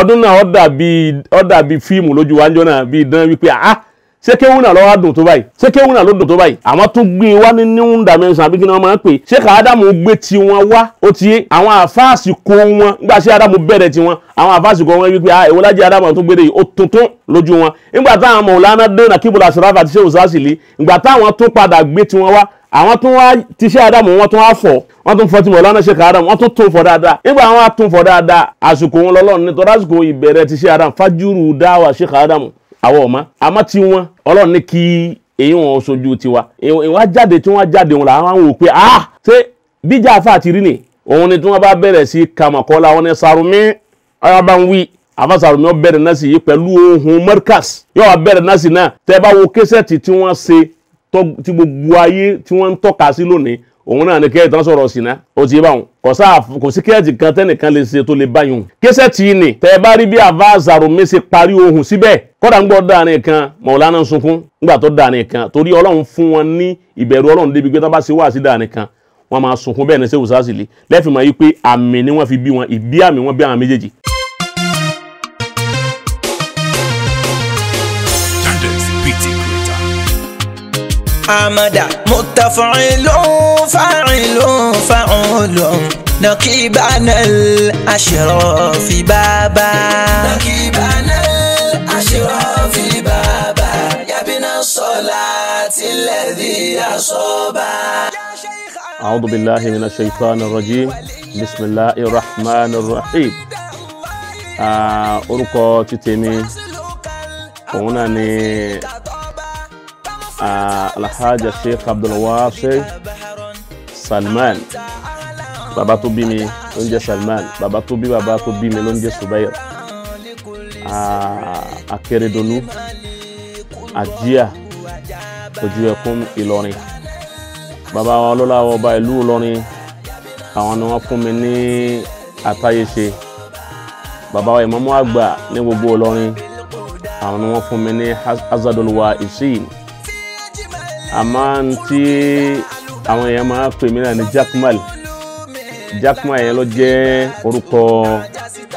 ọdún náà ó dàbí ó dàbí fíìmù lójú wájọ náà bí idán wípé ah ṣé kéwù náà lọ́wọ́ dùn tó báyìí ṣé kéwù náà ló dùn tó báyìí àmọ́ tún gbé e wá ní new dimension àbí kí ni wọ́n máa ń pè ṣé ká ádámù gbé tiwọn wá ó ti yé àwọn àfáàsì kó wọn nígbà ṣé ádámù bẹ̀rẹ̀ tiwọn àwọn àfáàsì kó wọn wípé ah èwo lájẹ́ ádámù tó gbére yìí ó tuntun lójú wọn nígbà táwọn mọ̀ọ́lá náà dé nàkíbọ̀lá sọ̀rọ̀ àti ṣé àwọn tún wá tíṣẹ́ ádámù wọ́n tún wá fọ̀ wọ́n tún fọ́ tí mo lọ́nà ṣe ká ádámù wọ́n tún tún fọ̀ dáadáa nígbà wọn tún fọ̀ dáadáa àsìkò wọn lọ́lọ́run nítorí àsìkò ìbẹ̀rẹ̀ tíṣẹ́ ádámù fájúrù dáwà ṣe ká ádámù àwọn ọ̀ma àmọ́ tí wọn ọlọ́run ní kí èyí wọn sojú tiwa ìwà jáde tí wọ́n jáde wọn làwọn wò pé ah ṣé bíjà àfa àti rí ni òun ni tí wọ́n bá bẹ̀rẹ̀ sí kàmọ̀kọ́lá wọn ni sàrùmí ọ̀yàbáwí àfàsàrò ni wọ́n bẹ̀rẹ̀ náà sí tí gbogbo ayé tí wọ́n ń tọ́ka sí lónìí òun náà ni kẹ́ẹ̀tì tán sọ̀rọ̀ sí náà ó ti bá wọn kò sáà kò sí kẹ́ẹ̀tì kan tẹ́nìkan lè ṣe tó lè báyìí hùn. kẹsẹ̀ tí ni tẹ́ ẹ bá rí bí avazaro mi ṣe parí ohun síbẹ̀ kọ́dà ń gbọ́ dàní kan mọ̀lánà sunkún nígbà tó dàní kan torí ọlọ́run fún wọn ní ìbẹ̀rù ọlọ́run débi pé tán bá ṣe wá sí dàní kan wọ́n máa sunkún bẹ́ẹ̀ ní sẹ́wọ̀sásìlì lẹ́fìmọ̀ yìí pé àmì ni wọ́n fi bí wọn ìbí àmì wọn bí àwọn méjèèjì حمدا متفعل فاعل فعول نقيبان الأشراف بابا نقيبان الأشراف بابا يا بنا الصلاة الذي أصاب أعوذ بالله من الشيطان الرجيم بسم الله الرحمن الرحيم orúkọ títèmi òun náà ni alhaji sheikh abdulwasi salman bàbá tó bí mi ló ń jẹ́ salman bàbá tó bí bàbá tó bí mi ló ń jẹ́ subair akérèdọlù àjíà ojú ẹkún ìlọrin bàbá àwọn ọlọ́láwọ̀ ọba ìlú ìlọrin àwọn ni wọ́n fún mi ní àtàyèṣe bàbá wa ìmọ̀mọ́ àgbà isin àmọ́ tí àwọn èèyàn máa pè mí náà ní Jaqmal Jaqmal yẹn ló jẹ́ orúkọ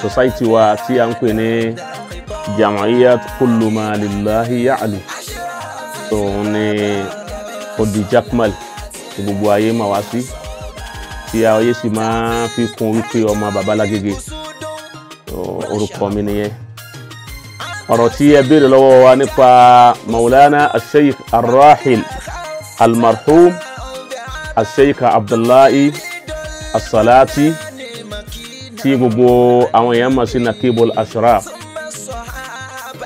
society wa tí a ń pè ní Jam'iyyat Kullu Ma Lillahi Ya'lu òun ni ó di Jaqmal tí gbogbo ayé máa wá sí tí ayé sì máa fi kún wípé ọmọ Bàbá orúkọ mi nìyẹn ọ̀rọ̀ tí ẹ béèrè lọ́wọ́ wa nípa maulana asheikh arrahil almarhum asheikh abdullahi asalati tí gbogbo àwọn èèyàn mọ̀ sí nakibul ashraf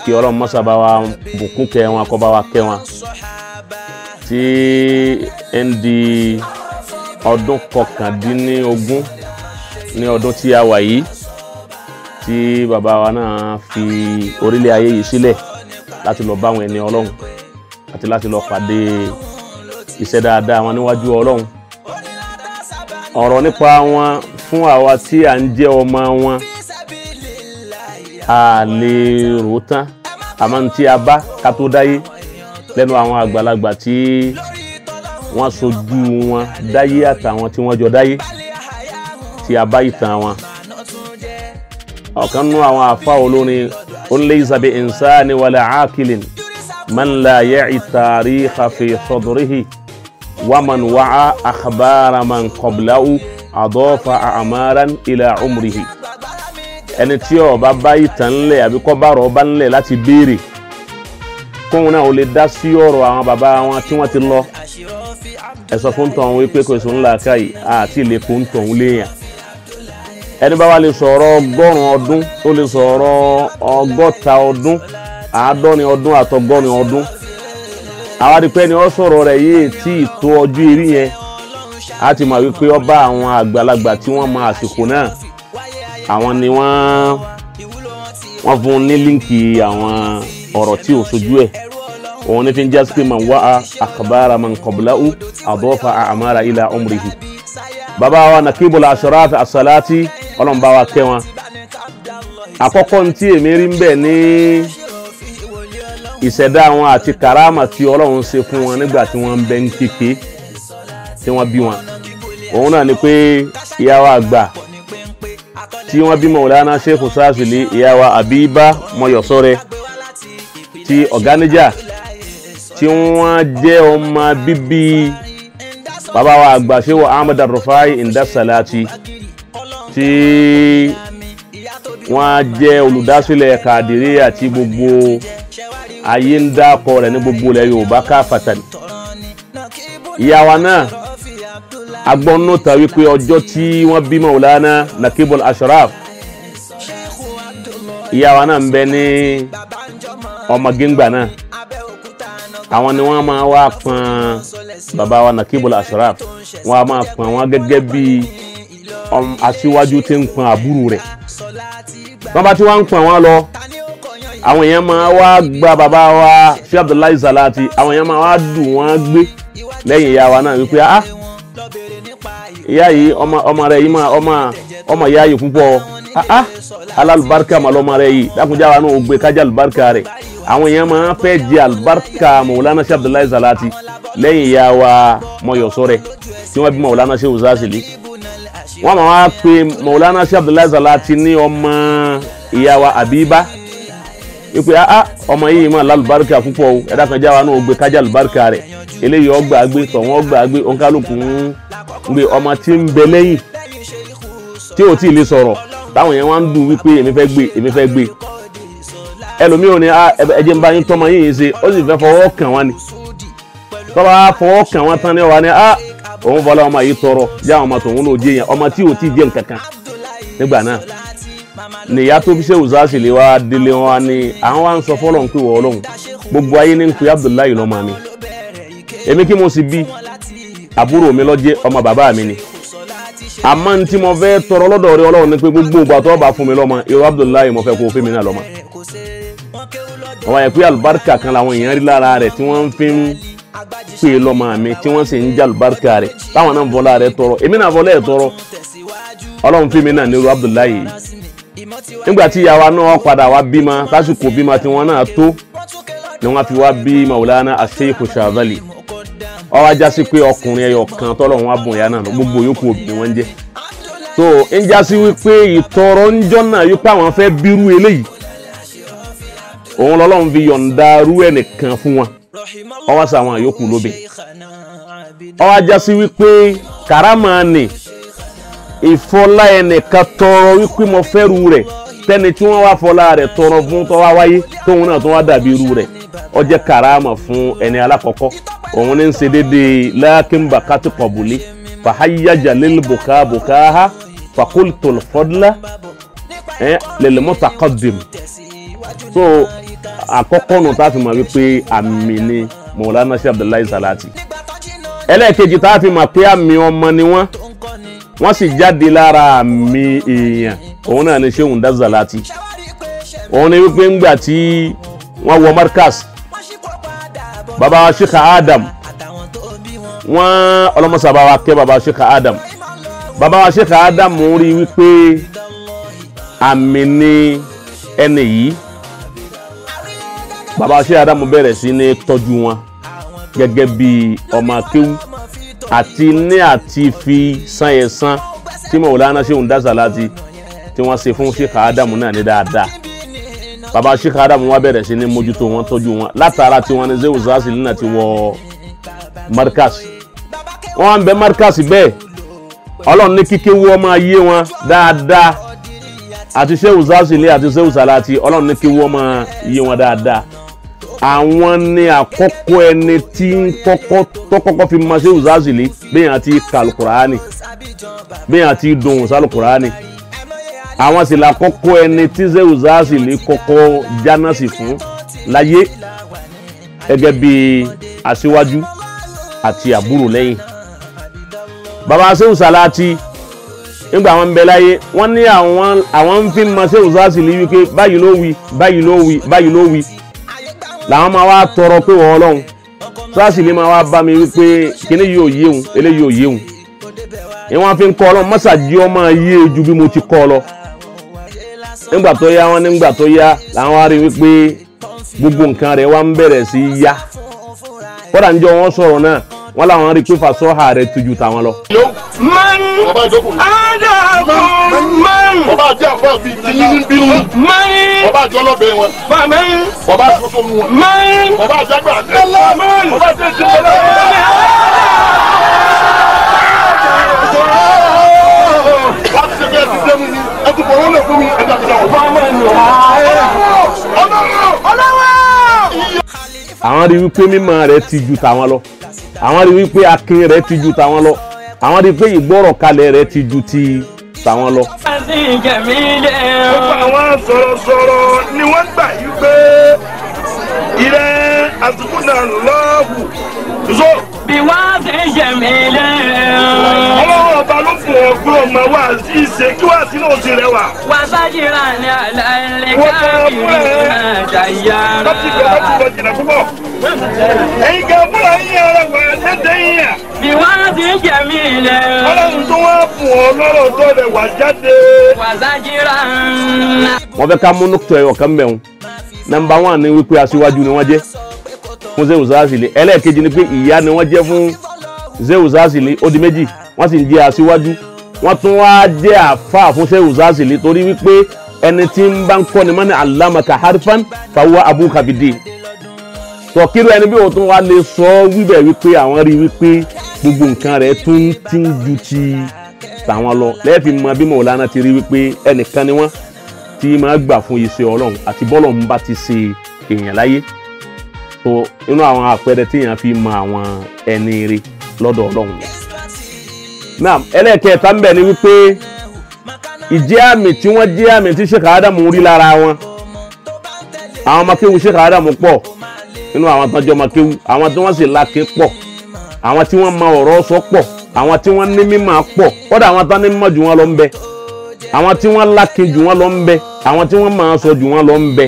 kí ọlọ́run mọ́sá bá wa bùkún kẹ́ wọn kó bá wa kẹ́ wọn tí ń di ọdún kọkàndínlógún ní ọdún tí a wà yìí tí bàbá wa náà fi orílẹ̀ ayé yìí sílẹ̀ láti lọ bá àwọn ẹni ọlọ́run àti láti lọ pàdé iṣẹ́ dáadáa wọn níwájú ọlọ́run ọ̀rọ̀ nípa wọn fún àwa tí à ń jẹ́ ọmọ wọn a lè rò tán àmọ́ ní tí a bá ká tó dáyé lẹ́nu àwọn àgbàlagbà tí wọ́n sojú wọn dáyé àtàwọn tí wọ́n jọ dáyé tí a bá ìtàn wọn ọ̀kan nú àwọn àfa olórin oníléyìísá bíi ìnsáni wàlẹ̀ ákìlín mọ́nlá yẹ ìtàrí hafi sọdọ̀rìhì wàmán wàá àkàbára man kọ̀bláwù àdọ́fà àmàrán ilà umrihi ẹni tí ó bá bá ìtàn ńlẹ̀ àbí kọ́ bá rọ̀ bá ńlẹ̀ láti béèrè kóun náà ò lè dá sí ọ̀rọ̀ àwọn bàbá wọn tí wọ́n ti lọ ẹ sọ fún tọ̀hún wípé kò sí ńlá káyì àti ìlẹ̀kùn tọ̀hún léèyàn ẹni bá wà lè sọ̀rọ̀ ọgọ́rùn ọdún tó lè sọ̀rọ̀ ọgọ́ta ọdún àádọ́rin ọdún àtọgọ́rin ọdún àwa rí pé ni ó sọ̀rọ̀ rẹ̀ yìí tí ìtò ọjọ́ eré yẹn a ti mọ̀ wípé ó bá àwọn àgbàlagbà tí wọ́n mọ àsìkò náà àwọn ni wọ́n wọ́n fún ní líǹkì àwọn ọ̀rọ̀ tí ò sojú ẹ̀ òun ní fi ń já sí pé màá wá àkàbára màá kọ̀bùlá ú àbọ̀fà àmàrà ilà ọmọrìhì bàbá wa nàkíbùlà àṣọra àṣàlátì ọlọ́run bá wa kẹ́ wọn àkọ́kọ́ ní tí èmi rí ń bẹ̀ ní ìṣẹ̀dá wọn àti kàráàmà tí ọlọ́run ṣe fún wọn nígbà tí wọ́n ń bẹ ń kéke tí wọ́n bí wọn òun náà ni pé ìyá wa àgbà tí wọ́n bí Maulana Sheikh Sazili ìyá wa Abiba Mọ́yọ̀sọ́rẹ́ ti ọ̀gáníjà tí wọ́n jẹ́ ọmọ bíbí bàbá àgbà Sheikh Ahmed Rufai Indasalati tí wọ́n á jẹ́ olùdásílẹ̀ ẹ̀ka àdìrẹ́ àti gbogbo ayé ń dákọ̀ rẹ̀ ní gbogbo ilẹ̀ Yorùbá káfàtà ni. ìyá wa náà agbọ́nú ta wípé ọjọ́ tí wọ́n bí Maulana Nakibul Ashraf ìyá wa náà ń bẹ ní ọmọgéńgbà náà àwọn ni wọ́n máa wá pọn bàbá wa Nakibul Ashraf wọ́n á máa pọn wọn gẹ́gẹ́ bíi aṣíwájú ti ń pọn àbúrò rẹ̀ wọ́n bá ti wá ń pọn wọn lọ àwọn èèyàn máa wá gba bàbá wa sí Abdullahi Salati àwọn èèyàn máa wá dùn wọ́n gbé lẹ́yìn ìyá wa náà wípé ah ìyá yìí ọmọ ọmọ rẹ̀ yìí máa ọmọ ọmọ ìyá yìí púpọ̀ ah ah alálùbáríkà máa lọ́mọ rẹ̀ yìí dákunjá wa náà ò gbé kájà àlùbáríkà rẹ̀ àwọn èèyàn máa fẹ́ jẹ àlùbáríkà Maulana sí Abdullahi Salati lẹ́yìn ìyá wa mọ̀yọ̀sọ́ rẹ̀ tí wọ́n bí Maulana sí òzáṣìlì wọ́n máa wá pe Maulana sí Abdullahi Zalati ní ọmọ ìyá wa Abiba ipe a ah, ah, ọmọ yìí máa lálùbáríkà púpọ̀ o ẹ̀dá kan jáwa náà ó gbé kájà lùbáríkà rẹ̀ eléyìí ọgbà gbé tọ̀wọ́n ọgbà gbé ònkálùkù ń gbé ọmọ tí ń bẹ lẹ́yìn tí ò tí ì lè sọ̀rọ̀ táwọn yẹn wá ń dùn wípé èmi fẹ́ gbé èmi fẹ́ gbé ẹlòmíràn ni ah, ẹjẹ ń bá yín tọmọ yín yìí ṣe ó sì fẹ́ fọwọ́ kàn wá ni tọ́ba fọwọ́ kàn wá tán ni wà ni a òun fọlá ọmọ yìí tọrọ yá ọmọ tòun náà jẹ yẹn ọmọ tí ò tí jẹ nǹkan kan nígbà náà nìyá tó fi ṣe òzáàsì lè wá délé wa ni àwọn wa ń sọ fọlọ́n pé wọ́n ọlọ́run gbogbo ayé ní ń pe Abdullahi lọ́mọ mi èmi kí mo sì bí àbúrò mi lọ́jẹ́ ọmọ bàbá mi ni àmọ́ ní mo fẹ́ tọrọ lọ́dọ̀ rẹ ọlọ́run ni pé gbogbo ìgbà tó bá fún mi lọ́mọ irú Abdullahi mo fẹ́ kó fún mi náà lọ́mọ. àwọn àyẹ̀pẹ́ àlùbáríkà kan làwọn èèyàn rí lára rẹ̀ tí wọ́n ń fi ń pé lọ́mọ mi tí wọ́n sì ń jàlùbáríkà rẹ̀ táwọn náà bọ́lá rẹ̀ tọrọ èmi náà bọ́lá ẹ̀ tọrọ ọlọ́run fún mi náà nírú Abdullahi nígbà tí ìyàwó náà padà wá bímọ lásìkò bímọ tí wọ́n náà tó ni wọ́n fi wá bí Maulana Aseifu Shazali ọwọ́ ajá sí pé ọkùnrin ẹyọ kan tọ́lọ́run wá bùn ìyá náà gbogbo yòókù obìnrin wọn jẹ́ so ń já sí wípé ìtọrọ ń jọ́nà yóò pé àwọn fẹ́ bírú eléyìí òun lọ́lọ́run fi yọ̀ǹda rú ẹnìkan fún wọn ó wá ṣàwọn àyókù lóbìn ó wá já sí wípé karama ni ìfọlá ẹnìkan tọrọ wípé mo fẹ́rù rẹ̀ tẹ́ni tí wọ́n wá fọlá rẹ̀ tọrọ fún tọ́wá wáyé tóun náà tó wá dàbí irú rẹ̀ ó jẹ́ karama fún ẹni alákọ̀ọ́kọ́ òun ní ń ṣe déédéé lákínbà kátó kọ̀bùlé fàháyájà lélùbùkà bùkà ha fàkólítòlùfọ́dúlá lèlèmọ́tàkọ́dìm so àkọ́kọ́ nù tá a fi mọ̀ wípé àmì ni Mọ̀lánà sí Abdullahi Salati ẹlẹ́ẹ̀kejì tá a fi mọ̀ pé àmì ọmọ ni wọ́n wọ́n sì jáde lára àmì èèyàn òun náà ni Shehu Ndas Salati òun ni wípé ńgbà tí wọ́n wọ Markaz baba Sheikh Adam wọ́n ọlọ́mọsàbá wa kẹ́ baba Sheikh Adam baba wa Sheikh Adam rí wípé àmì ni ẹni yìí bàbá ṣé adamu bẹ̀rẹ̀ sí ní tọ́jú wọn gẹ́gẹ́ bí ọmọ akéwú àti ní àti fi san ẹ̀san tí mọ̀wòlánà ṣéun dáṣà láti tí wọ́n ṣe fún ṣèkà adamu náà ní dáadáa bàbá ṣèkà adamu wọn bẹ̀rẹ̀ sí ní mójútó wọn tọ́jú wọn látara tí wọn ní zéwù zásì nínà ti wọ markas wọn wá ń bẹ markas bẹ́ẹ̀ ọlọ́run ní kíkéwú ọmọ ayé wọn dáadáa àti ṣéwù zásì ní àti ṣéwù sàlátì ọlọ́run ní kíkéwú ọmọ ayé wọn dáadáa àwọn ni àkọ́kọ́ ẹni tí ń kọ́kọ́ tó kọ́kọ́ fi máa ṣe òzázìlì bẹ́ẹ̀ àti kàlùkùránì bẹ́ẹ̀ àti dùn sálùkùránì àwọn sì làkọ́kọ́ ẹni tí ṣe òzázìlì kọ́kọ́ jánásì fún láyé gẹ́gẹ́ bí aṣíwájú àti àbúrò lẹ́yìn bàbá ṣe òsàlátì nígbà wọn bẹ láyé wọn ní àwọn àwọn ń fi máa ṣe òzázìlì wípé báyìí ló wí báyìí ló wí báyìí ló wí làwọn máa wá tọrọ pé wọ́n ọlọ́run tíráṣì lè máa wá bá mi wípé kíní yóò yé òun eléyìí ò yé òun ìwọ́n fi ń kọ́ ọlọ́run mọ́sàájì ọmọ yé ju bí mo ti kọ́ ọ lọ nígbà tó yá wọn nígbà tó yá làwọn wá rí wípé gbogbo nǹkan rẹ̀ wá ń bẹ̀rẹ̀ sí í yá kódà ń jọ wọn sọ̀rọ̀ náà wọn làwọn rí pé fàṣọ́hà rẹ̀ tuju tàwọn lọ. máa ń ádàbọ̀ ọba àti àfọ àfi tìyín ní bínú ọba àti ọlọ́bẹ̀ wọn ọba àti tuntun wọn ọba àti àgbà ọba àti ètò ìjọba. láti àwọn rí wípé mímọ́ rẹ̀ ti ju tàwọn lọ àwọn rí wípé akin rẹ̀ ti ju tàwọn lọ àwọn rí wípé ìgbọ́rọ̀ kalẹ̀ rẹ̀ ti ju ti tàwọn lọ. gbogbo àwọn sọ̀rọ̀sọ̀rọ̀ ni wọ́n gbà yí pé ìrẹ́ àsìkò náà lọ́ọ̀bù tó. bí wọ́n ti jẹ̀mí lẹ́yìn. ọlọ́wọ́ ọba ló fún ọ pé ọmọ wa sí ìṣe kí wàá sínú òsì rẹ wà. wà á sájìrà ní àlàyé káàkiri àjàyà. ẹ̀yin kan fúnra yín ara wà lẹ́dẹ̀ẹ́yìn yà ìwádìí jẹ̀mí ilẹ̀. ọlọ́run tó wá fún ọ lọ́rọ̀ tó lè wà jáde. wàzájírà ńlá. wọ́n fẹ́ ká mú nùtọ̀ ẹ̀yọ̀ kan mẹ́wọ̀n nọ́mbà wọn ni wípé aṣíwájú ni wọ́n jẹ́ fún zeu zazili ẹlẹ́ẹ̀kejì ni pé ìyá ni wọ́n jẹ́ fún zeu zazili ó di méjì wọ́n sì ń jẹ́ aṣíwájú wọ́n tún wá jẹ́ àfáà fún zeu zazili torí wípé ẹni tí ń bá ń kọ́ni mọ́ni alámaka harifan fàwọn abúkàbídé sọ kí ló ẹni bí òun tún wá lè sọ wíbẹ̀ wípé àwọn rí wípé gbogbo nǹkan rẹ̀ tún ti ń ju ti tàwọn lọ lẹ́ẹ̀fì mọ bí mọ̀lánà ti rí wípé ẹnìkan ni wọ́n ti máa gbà fún iṣẹ́ ọlọ́run àti bọ́lọ̀ ń bá ti ṣe èèyàn láyé so inú àwọn àpẹẹrẹ tí èèyàn fi mọ àwọn ẹni rí lọ́dọ̀ ọlọ́run yẹn. náà ẹlẹ́ẹ̀kẹta ń bẹ̀ ni wípé ìjẹ́ àmì tí wọ́n jẹ́ àmì tí Sheikh Adam rí lára wọn àwọn ọmọ kéwu Sheikh Adam pọ̀ nínú àwọn àtàjọ ọmọ kéwu àwọn tí wọ́n sì lákè pọ̀ àwọn tí wọ́n mọ ọ̀rọ̀ sọ pọ̀ àwọn tí wọ́n ní mímọ̀ pọ̀ kódà àwọn tán ní mímọ̀ jù wọ́n lọ ń bẹ àwọn tí wọ́n lákè jù wọ́n lọ ń bẹ àwọn tí wọ́n máa sọ jù wọ́n lọ ń bẹ.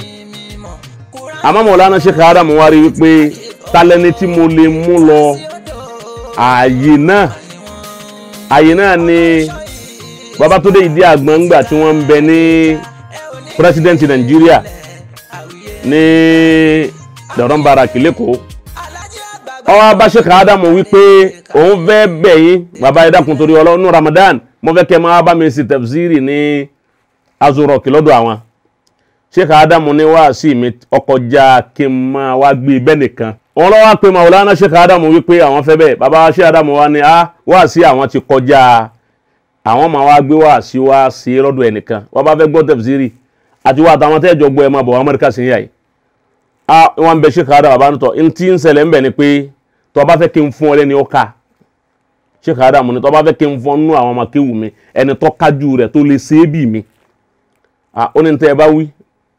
àmọ́ mọ̀lánà ṣe ká ádámù wá rí i pé talẹ́ni tí mo lè mú lọ ààyè náà ààyè náà ni Babátúndé Ìdí Àgbọ̀n tí wọ́n ń bẹ ní pírẹsidẹ́ǹtì Nàìjíríà ní. Ni dọ̀rọ̀ baraki lẹ́kọ̀ọ́ ọwọ́ abáṣekà ádámù wípé òun fẹ́ bẹ̀ bàbá ẹ torí ọlọ́nu Ramadan mo fẹ́ kẹ́ máa bá mi sí tafsiri ní azurọ̀kì lọ́dọ̀ àwọn ṣéka ádámù ní wáàsí mi ọkọjá kí n máa wá gbé e bẹ́ẹ̀ nìkan wọn lọ́wọ́ pé Maulana ṣéka ádámù wípé àwọn fẹ́ bẹ́ẹ̀ bàbá ṣéka ádámù wa ni ah wáàsí àwọn ti kọjá àwọn máa wá gbé wáàsí wá sí lọ́dọ̀ ẹnìkan wọ́n bá fẹ́ gbọ́ tafsiri àti wá àtàwọn tẹ́ẹ̀jọ gbọ́ ẹ máa bọ̀ wọn mọ́ríkà sí yàyí a wọn bẹ ṣèkà adam abanutọ ntí ń ṣẹlẹ̀ ń bẹ̀ ni pé tó bá fẹ́ kí n fún ọ lẹ́ni ọ̀ka ṣèkà adam ni tó bá fẹ́ kí n fún ọ nú àwọn ọmọ kéwù mi ẹni tó kájú rẹ̀ tó lè ṣe é bì mí a ó ní tẹ́ ẹ bá wí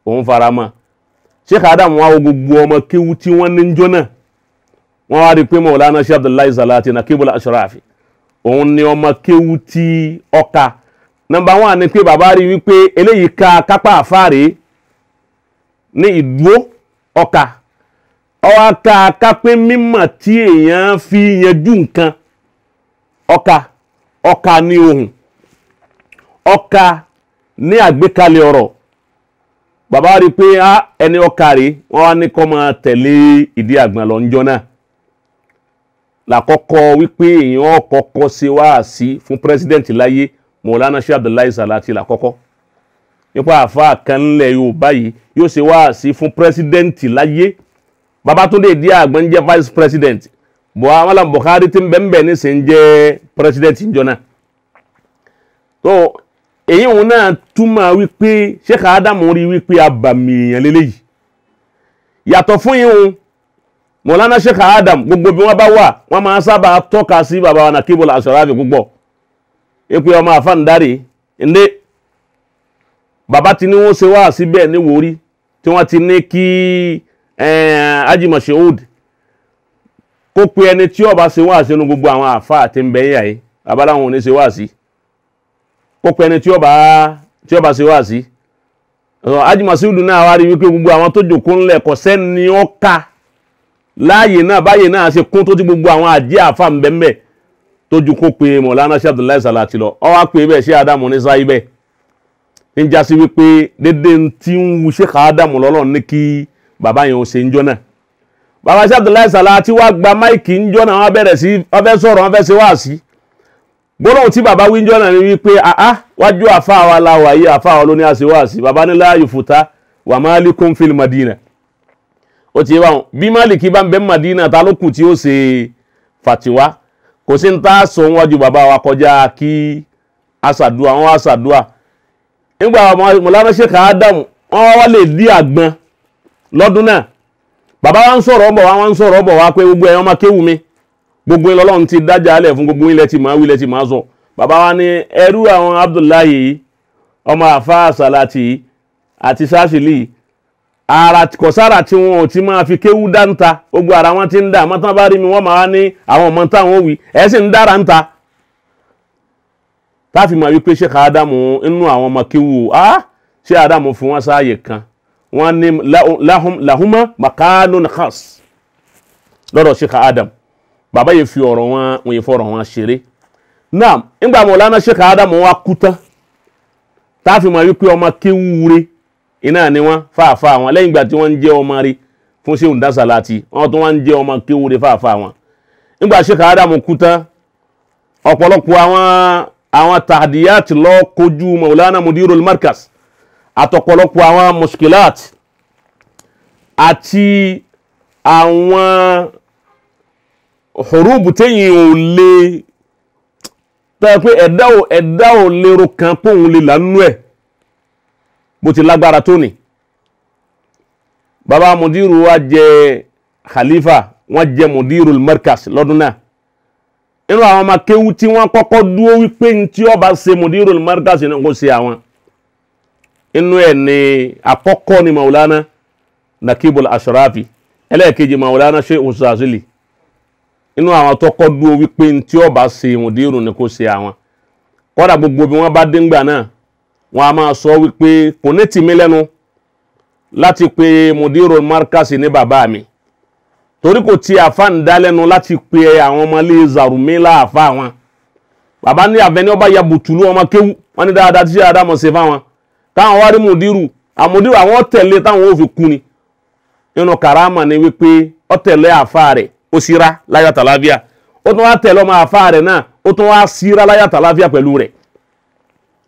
òun fara mọ́ ṣèkà adam wá wo gbogbo ọmọ kéwù tí wọ́n ní njọ́ náà wọ́n wá rí i pé mọ̀lánà ṣe abdullahi salati na kébùlà aṣọ́ráàfì òun ni ọmọ kéwù tí ọ̀ka nọ́mbà wọn ni pé bàbá rí wípé eléyìí ka kápá àfáàrí ní ìdúró ọkà ọkà kápé mímọ̀ tí èèyàn fi yanjú nǹkan ọkà ọkà ní ohùn ọkà ní àgbékalẹ̀ ọ̀rọ̀ bàbá rí i pé ẹni ọkà rí wọn wá ní kọ́ máa tẹ̀lé ìdí àgbọ̀n lọ́njọ́ náà làkọ́kọ́ wípé èèyàn kọ́kọ́ ṣe wáàsí fún pírẹsidẹ́ǹtì láyé mọ̀lánà ṣé abdullahi salati làkọ́kọ́. La nípa àáfàá kan ńlẹ̀ yorùbá yìí yóò ṣe wáàsí fún pírẹsidẹ́ǹtì láyé babatunde di àgbọn jẹ́ vice president buhari malam buhari ti bẹ́ẹ̀nbẹ́ẹ́ ní sè ń jẹ́ president njọ́nà tó èyí òun náà túmọ̀ wípé sheikh adamu rí wípé abàmì èèyàn lélẹ́yìí yàtọ̀ fún yìí òun mọ̀lánà sheikh adam gbogbo bí wọ́n bá wà wọ́n máa sábà tọ́ka sí baba wa nàkíbọ̀lá àṣàràfẹ́ púpọ̀ èpè ọmọ àfàǹdárì ndé bàbá ti ní wọ́n ṣe wá síbẹ̀ ní Ìwòrí tí wọ́n ti ní kí ajima shehood kó pe ẹni tí ó bá ṣe wá sínú gbogbo àwọn àfa àti ń bẹ́yà yìí abaláwọn ò ní ṣe wá sí kó pe ẹni tí ó bá tí ó bá ṣe wá sí ajima shehood náà wá rí wípé gbogbo àwọn tó jòkóó ńlẹ̀ kò sẹ́ni ó ka láàyè náà báyè náà ṣe kún tó ti gbogbo àwọn àjẹ́ àfa ń tó ju kó pe mọ̀lánà ṣe Abdullahi lọ ó wá pe bẹ́ẹ̀ ṣe Adamu ní sáyé bẹ́ẹ̀ ń já sí wípé dédé tí ń wu Sheikh Adamu lọ́lọ́run ní kí bàbá yẹn ó ṣe ń jọ́nà bàbá Sheikh Abdullahi Sala tí wàá gba máìkì ń jọ́nà wọn bẹ̀rẹ̀ sí wọn fẹ́ sọ̀rọ̀ wọn fẹ́ ṣe wá sí gbọ́dọ̀ tí bàbá wí ń jọ́nà ni wípé àá wájú àfa wa la wà yìí àfa wa ló ní àṣẹ wá sí bàbá ní láàyò fòtá wà má lè kún fílì Madina ó ti wá bí Málìkì bá ń bẹ Madina ta ló kù tí ó ṣe fàtiwá kò sí ní tá a sọ wájú bàbá wa kọjá kí àṣàdúà wọn àṣàdúà nígbà mọ̀lára ṣèkà adamu wọ́n wá lè di àgbọn lọ́dún náà bàbá wa ń sọ̀rọ̀ bọ̀ wá ń sọ̀rọ̀ bọ̀ wá pé gbogbo ẹ̀yàn mi gbogbo ilẹ̀ ọlọ́run ti dájà alẹ̀ fún gbogbo ilẹ̀ tí màá wílẹ̀ tí sọ bàbá wa ní ẹrú àwọn Abdullahi ọmọ àfa àsàlàtì àti sáfìlì ara tí wọn ti máa fi táàfin máa wípé ṣé káádámù inú àwọn ọmọ kéwù á ṣé ádámù fún wọn sáàyè kan wọn ní lahuma makanun khas lọ́dọ̀ ṣé káádámù bàbá yìí fi ọ̀rọ̀ wọn wọn yìí fọ̀rọ̀ wọn ṣeré náà nígbà mọ̀lánà ṣé káádámù wa kú tán táàfin máa wípé ọmọ kéwù re iná ni wọn fàáfà wọn lẹ́yìn ìgbà tí wọ́n ń jẹ́ ọmọ rí fún ṣéun dáṣàláàtì wọn tún wọ́n ń jẹ́ ọmọ kéwù re fàáfà wọn nígbà ṣé káádámù kú tán ọ̀pọ̀lọpọ̀ àwọn àwọn tàdíyàtì lọ kojú maulana mudirul markas àtọ̀pọ̀lọpọ̀ àwọn muskilat àti àwọn hurubu téyìn ò lè tọ́yẹ pé ẹ̀dá ò ẹ̀dá ò lérò kan póun lè lánú ẹ̀ bó ti lágbára tó ni baba mudiru wa jẹ khalifa wọn jẹ mudirul markas lọ́dún náà inú àwọn ọmọ kéwú tí wọ́n kọ́kọ́ dúró wípé ní tí ọba ṣe mudirul markaz ní kò ṣe àwọn inú ẹ̀ ní àkọ́kọ́ ni maulana nakibul ashrafi ẹlẹ́ẹ̀kejì maulana ṣe òṣàṣìlì inú àwọn tọ́kọ́ dúró wípé ní tí ọba ṣe mudirul ní kò ṣe àwọn kọ́dà gbogbo bí wọ́n bá dé ńgbà náà wọ́n a máa sọ wípé kò ní tì mí lẹ́nu láti pe mudirul markaz ní bàbá mi torí kò ti àfa ń dálẹ́nu láti pe àwọn ọmọ ilé Zarumi láàfa wọn bàbá ní abẹni ọba ya bùtùlù ọmọ kéwù wọn ní dáadáa tí dáadáa mọ̀ ṣe fáwọn táwọn wá rí mùdírù àmùdírù àwọn tẹ̀lé táwọn ò kú ni nínú karama ni wípé ó tẹ̀lé àfa rẹ̀ ó síra láyà tàlàfíà ó tún wá tẹ̀lé ọmọ àfa rẹ̀ náà ó tún wá síra láyà tàlàfíà pẹ̀lú rẹ̀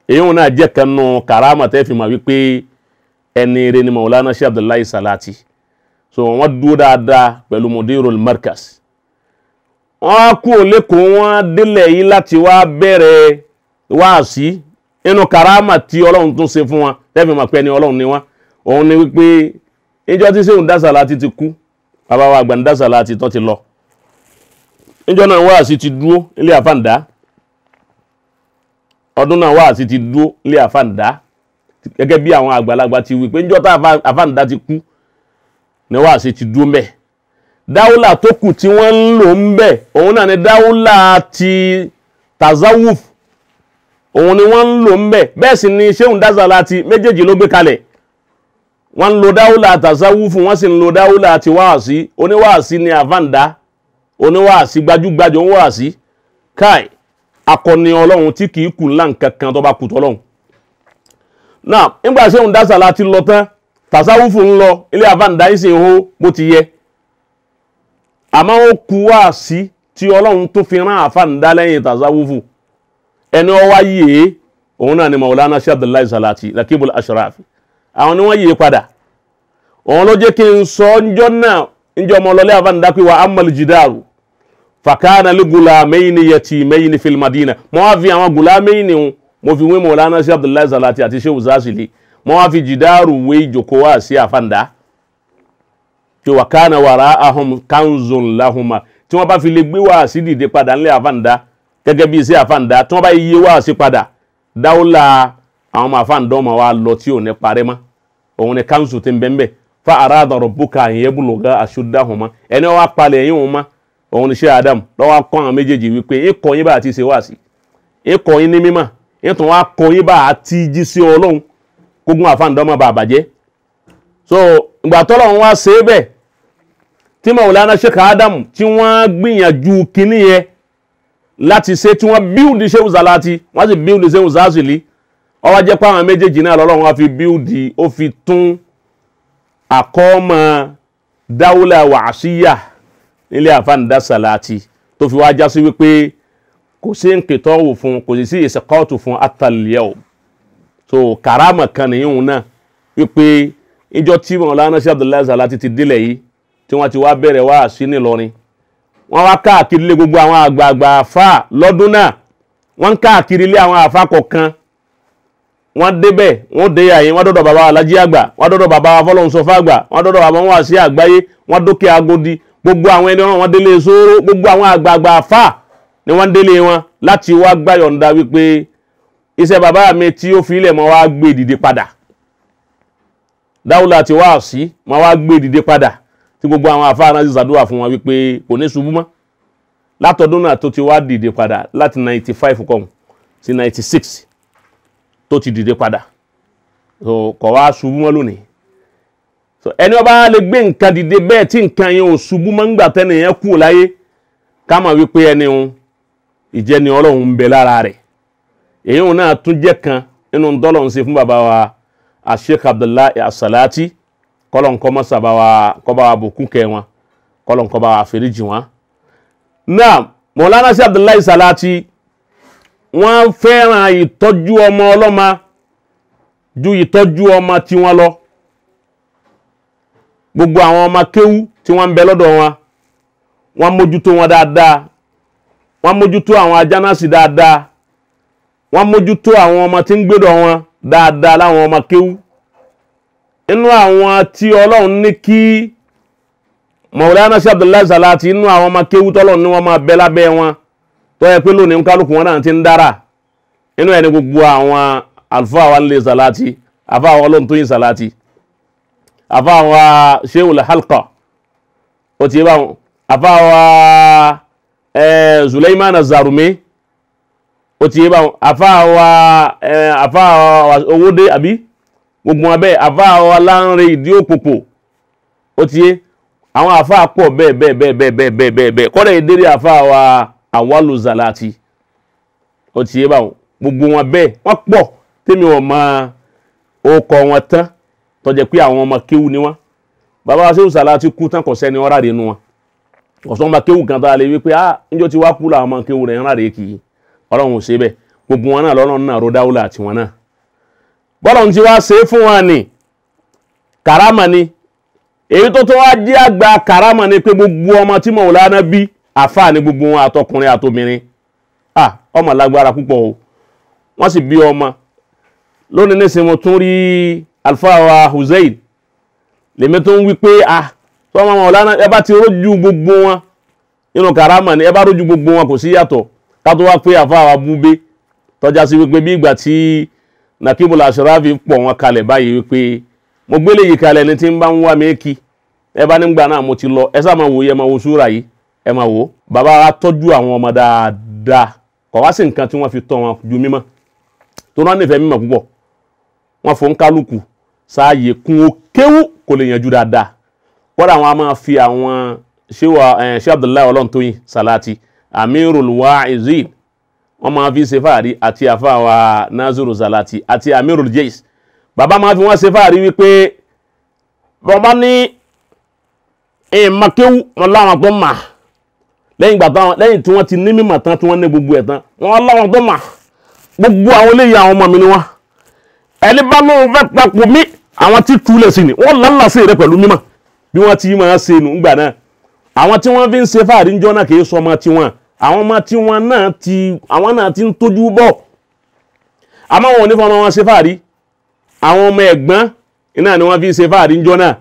èyí wọn náà jẹ́ kan nù karama tẹ́ fi mọ̀ wípé ẹni rẹ̀ ni Maulana Sheikh Abdullahi Salati so wọ́n dúró dáadáa pẹ̀lú mudirul markas wọ́n á kú òlékòó wọ́n délẹ̀ yìí láti wá bẹ̀rẹ̀ wáàsí inú karama tí ọlọ́run tún ṣe fún wọn tẹ́fì mọ̀ pé ẹni ọlọ́run ni wọ́n òun ni wípé ìjọ tí sẹ́hùn Dassalati ti kú bàbá wa àgbà ní Dassalati tán ti lọ ìjọ náà wáàsí ti dúró ilé àfàǹdá ọdún náà wáàsí ti dúró ilé àfàǹdá gẹ́gẹ́ bí àwọn àgbàlagbà ti wí pé ìjọ tá àfàǹdá ti kú ni wàá ṣe ti dúró mbẹ dáwùlà tó kù tí wọ́n ń lò ń bẹ̀ òun náà ni dáwùlà ti tazawuf òun ni wọ́n ń lò ń bẹ̀ bẹ́ẹ̀ sì ni sehun dazala ti méjèèjì ló gbé kalẹ̀ wọ́n ń lo dáwùlà tazawufu wọ́n sì ń lo dáwùlà ti wáàsí oníwáàsí ni àvàǹdá oníwáàsí gbajúgbajù oníwáàsí káì akọni ọlọ́run tí kì í kù ńlá nǹkan kan tó bá kù tọ́lọ́run náà nígbà sehun dazala ti lọ tán tàṣàwùfù ń lọ ilé àbáǹdáyìísìn hó bó ti yẹ àmọ́ ó ku wá sí tí ọlọ́run tó fi rán àfáǹdá lẹ́yìn tàṣàwùfù ẹni ọwá yìí òun náà ni maulana shadalai salati lakibul ashraf àwọn ni wọ́n yìí padà òun ló jẹ́ kí n sọ ńjọ́ náà ńjọ́ ọmọ ọlọ́lẹ́ àfáǹdá pé wà á mọ̀lì jìdáàrú fàkànà lè gùlàmẹ́yìn yẹtìmẹ́yìn fil madina mo wá fi àwọn gùlàmẹ́yìn ni mo fi wé maulana shadalai salati àti shehu zazili wọ́n wá fi jìdáàrù wé ìjòkó wá sí àfàǹdá tí wà kánà wàrà ahùn kanzun lahuma tí wọ́n bá fi lè gbé wá sí dìde padà ńlẹ̀ àfàǹdá gẹ́gẹ́ bí sí afanda tí wọ́n bá yíyé wá sí padà dáwọ́lá àwọn ọmọ àfàǹdá ọmọ wa lọ tí ò ní parẹ́ mọ́ òun ni kanzu ti ń bẹ́ẹ̀ bẹ́ẹ̀ fa arada rabbuka an yabluga ashuddahuma ẹni wọ́n wá palẹ̀ yín wọn mọ́ òun ni ṣe adam lọ́wọ́ kọ́ àwọn méjèèjì wípé ikọ̀ yín bá àti ṣe wá sí ikọ̀ yín ní mímọ́ ìtàn wá kọ́ yín bá àti jí sí ọlọ́run kógun àfàǹdọ́mọ̀ bá àbàjẹ́ so ìgbà tọ́lọ̀ ń wá ṣe é bẹ́ẹ̀ tí Maulana Sheikh Adam tí wọ́n gbìyànjú kínní yẹn láti ṣe tí wọ́n bíúdi Sheikh Zalati wọ́n sì bíúdi Sheikh Zazili ó wá jẹ́ pé àwọn méjèèjì náà lọ́lọ́run wá fi bíúdi ó fi tún àkọ́mọ dáwúlà wàásíyà nílé àfàǹdá Salati tó fi wá já sí wípé kò sí nkìtọ́wò fún kò sí ìsẹ̀kọ́ọ̀tù fún atalẹ́ọ̀ so karama kan nìyí òun náà wípé ìjọ tí wọn lánàá sí Abdullahi Salati ti délẹ̀ yìí tí wọ́n ti wá bẹ̀rẹ̀ wá sí nílọrin wọ́n wá káàkiri lé gbogbo àwọn àgbààgbà àfa lọ́dún náà wọ́n ń káàkiri lé àwọn àfa kọ̀ọ̀kan wọ́n débẹ̀ wọ́n dé àyè wọ́n dọ́dọ̀ bàbá alájí àgbà wọ́n dọ́dọ̀ bàbá afọlọ́nsọfà àgbà wọ́n dọ́dọ̀ bàbá wọn àṣì àgbáyé wọ́n dókè agodi gbogbo àwọn ẹni wọn délé sóró gbogbo àwọn àgbààgbà àfa ni wọ́n délé wọn láti wá gbàyọ̀ǹda wípé iṣẹ́ bàbá mi tí ó fi ilẹ̀ mọ́ wá gbé dìde padà dáwùlà tí wàá sí mọ́ wá gbé dìde padà tí gbogbo àwọn afáàrán ti ṣàdúrà fún wọn wípé kò ní ṣubú mọ́ látọdún náà tó ti wá dìde padà láti ninety five kọ́hún sí ninety six tó ti dìde padà so kò wá ṣubú mọ́ lónìí so ẹni ó bá lè gbé nǹkan dìde bẹ́ẹ̀ tí nǹkan yẹn ò ṣubú mọ́ ńgbà tẹ́nìyẹn kù láyé ká mọ̀ wípé ẹni ìjẹni ọlọ́run ń bẹ lára rẹ̀ èyí náà tún jẹ́ kan nínú dọ́lọ̀ ń ṣe fún bàbá wa Sheikh Abdullahi As-Salati kọ́lọ̀ nǹkan mọ́ sábà wa kọ́ba wa bùkún kẹ́ wọn kọ́lọ̀ nǹkan bá wa fèrèjì wọn. náà Mọ̀lánà Sheikh Abdullahi salati wọ́n fẹ́ràn ìtọ́jú ọmọ ọlọ́mọ ju ìtọ́jú ọmọ tiwọn lọ gbogbo àwọn ọmọ kéwú tí wọ́n ń bẹ lọ́dọ̀ wọn wọ́n mójútó wọn dáadáa wọ́n mójútó àwọn ajánásì dáadáa wọ́n mójútó àwọn ọmọ tí ń gbèrò wọn dáadáa láwọn ọmọ kéwú inú àwọn tí ọlọ́run ní kí Maulana sí Abdullahi Salati inú àwọn ọmọ kéwú tọ́lọ́run ní wọ́n máa bẹ lábẹ́ wọn tó yẹ pé lónìí kálukú wọn náà ti ń dára inú ẹni gbogbo àwọn àlùfáà wa nílé Salati àfa àwọn ọlọ́run tó yin Salati àfa àwọn Sheikhul Halqa ó ti bá wọn àfa àwọn eh, Zuleiman Zarumi. ó ti yé báwọn àfáàwà àfáàwà owódé àbí gbogbo abẹ́ àfáàwà láńrin ìdí òpòpò ó ti yé àwọn àfáà pọ̀ ma ni wa nu kan a lè wí ah níjọ́ ti wá kú ọlọ́run ò ṣe bẹ́ẹ̀ gbogbo wọn náà lọ́rùn náà ro dáwọ́lá àti wọn náà bọ́lọ̀n ti wá ṣe é fún wa ni kàrámà ni èyí tó tó wá jẹ́ àgbà kàrámà ni pé gbogbo ọmọ tí Màulánà bí àfáà ni gbogbo wọn àtọkùnrin àtobìnrin ah ọmọ lágbára púpọ̀ o wọ́n sì bí ọmọ lónìí nísìnyí mo tún rí alfa wa Hussein lèmi tó ń wí pé ah tọ́mọ Màulánà ẹ bá ti rójú gbogbo wọn nínú kàrámà ni ẹ bá rójú gbogbo wọn kò sí yàtọ̀ ká tó wá pé àfa àwọn abúgbé tọ́já sí wípé bí ìgbà tí nakimul ashrafi pọ̀ wọn kalẹ̀ báyìí wípé mo gbélé yìí kalẹ̀ ní tí ń bá ń wá mi kí ẹ bá nígbà náà mo ti lọ ẹ sáà máa wò yẹ máa wo súra yìí ẹ máa wò. bàbá wa tọ́jú àwọn ọmọ dáadáa kò wá sí nǹkan tí wọ́n fi tọ́ wọn ju mímọ́ tó náà nífẹ̀ẹ́ mímọ́ púpọ̀ wọ́n fò ń kálukú sáàyè kún ó kéwú kò lè yanjú dáadáa wọ́n àwọn a máa fi àwọn ṣé eh, Abdullahi ọlọ́run tóyìn salati amirul wa'izin wọ́n máa fi sefaari ati àti naziru zalati àti amirul jais bàbá máa fi wọ́n ṣe fáàrí wípé ní wọn láwọn tó mà tí ti ní tán gbogbo tán láwọn gbogbo àwọn eléyìí àwọn ọmọ mi ni wọ́n ẹni bá lóun fẹ́ papò mí àwọn tí túlẹ̀ ni ti máa ṣe nù náà àwọn tí fi ń sọ ọmọ tiwọn àwọn ọmọ tí wọn náà ti àwọn náà ti ń tójú bọ̀ àmọ́ wọn ò ní fọmọ wọn ṣe fàárí àwọn ọmọ ẹ̀gbọ́n iná ni wọ́n fi ń ṣe fàárí ńjọ́ náà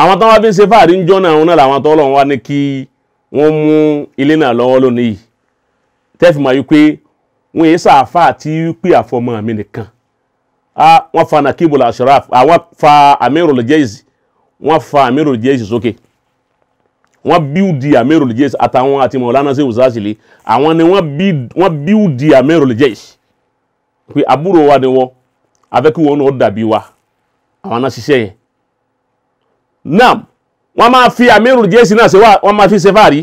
àwọn tó wọ́n fi ń ṣe fàárí ńjọ́ náà òun náà làwọn tó lọ́wọ́ wá ní kí wọ́n mú ilé náà lọ́wọ́ lónìí yìí pé wọ́n yé sàáfà tí pé àfọmọ mi nìkan wọ́n fa nakibul ashraf àwọn fa amirul jayz wọ́n fa amirul jayz sókè. Okay wọ́n bíúdi àmẹ́rò lè jẹ́ àtàwọn àti mọ̀lánà sí òsásìlè àwọn ni wọ́n bíúdi àmẹ́rò lè jẹ́ pé àbúrò wa ni wọ́n afẹ́kíwọ́n náà dàbí wa àwọn náà ṣiṣẹ́ yẹn náà wọ́n máa fi àmẹ́rò lè náà ṣe wá wọ́n máa fi ṣe fáàrí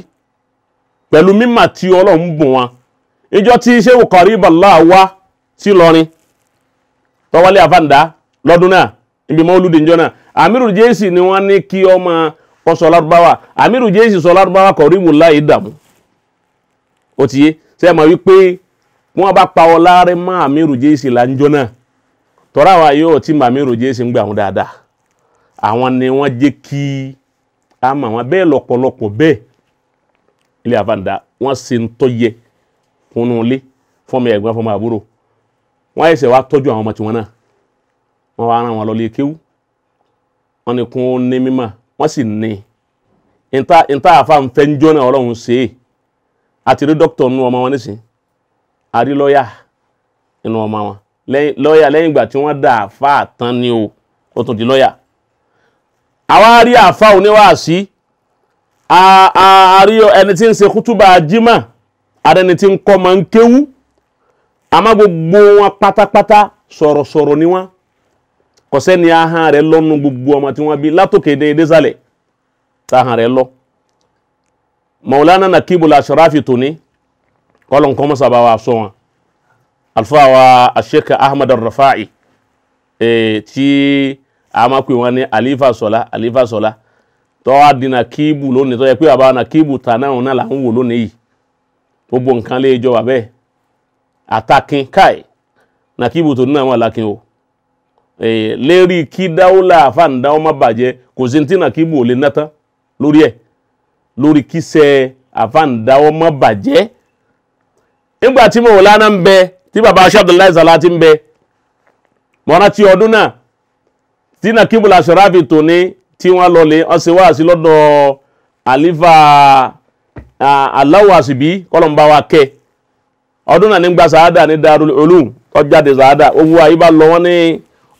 pẹ̀lú mímà tí ọlọ́run bùn wọn ìjọ tí sẹ́wù kọ̀rí bàlá wa sí lọrin tọ́wálé àfàǹdá lọ́dún náà ibi mọ́ náà àmẹ́rò lè ni wọ́n ní kí ọmọ wọ́n sọ lárúbáwá amiru jésù sọ lárúbáwá kọ̀ rímù láì dààmú ó ti yé ṣe é mọ̀ wípé wọ́n bá pa ọ láàrin mọ́ amiru jésù láńjọ́ náà tọ́ra wa yóò tí mọ̀ amiru jésù ń gbà wọn dáadáa àwọn ni wọ́n jẹ́ kí a mọ̀ wọn bẹ́ẹ̀ lọ́pọ̀lọpọ̀ bẹ́ẹ̀ ilé àfàǹdà wọ́n ṣe ń tọ́yẹ kúnnú ilé fọmọ ẹ̀gbọ́n fọmọ àbúrò wọ́n ẹ̀sẹ̀ wá tọ́jú àwọn ọmọ tiwọn náà wọ́n wá rán wọn lọ lé kéwú wọ́n ní kún ní mímọ̀ wọ́n sì ní ìta àfa nfẹ́ ń jóná ọlọ́run ṣe é àti rí dókítà nínú ọmọ wọn nísìn àrí lọ́ọ̀yà nínú ọmọ wọn lọ́ọ̀yà lẹ́yìn ìgbà tí wọ́n dá àfa àtàn ni o ó tún di lọ́ọ̀yà àwa rí àfa oníwàásí àárí ẹni tí ń ṣe kútúbà jimá àdẹni tí ń kọ́ máa ń kéwú àmọ́ gbogbo wọn pátápátá sọ̀rọ̀sọ̀rọ̀ ni wọ́n kọ̀sẹ́ni ahọ́n rẹ̀ lọ́nu gbogbo ọmọ tí wọ́n bí látòkè dé désàlẹ̀ táhọ́n rẹ̀ lọ. maulana nakibul ashrafi tòní kọ́lọ̀ nǹkan mọ́sá bá wa sọ wọn alfa wa asheka ahmed rafa'i e, tí a máa pè wọn ní alifa sọlá alifa sọlá tọ́wá di nakibu lónìí tọ́jà pé bàbá nakibu tà náà náà là ń wò lónìí yìí gbogbo nǹkan lè jọ bàbẹ́ àtàkín káì nakibu tòní náà wọn làkín o. Eh, lérí kí dáwọ́lá àfàǹdá ọmọ bàjẹ́ kò sí tí náà kí bò lè ná lórí ẹ̀ lórí kíṣẹ́ àfàǹdá ọmọ bàjẹ́ nígbà tí mo wò lánàá ń bẹ tí baba Abdullahi Salati ń bẹ ti ọdún náà tí náà kí tò ní tí wọ́n lọ lè ọ̀sẹ̀ wá sí lọ́dọ̀ àlífà aláwọ̀ àṣìbí kọ́lọ̀mbà wa kẹ́ ọdún náà nígbà sàádà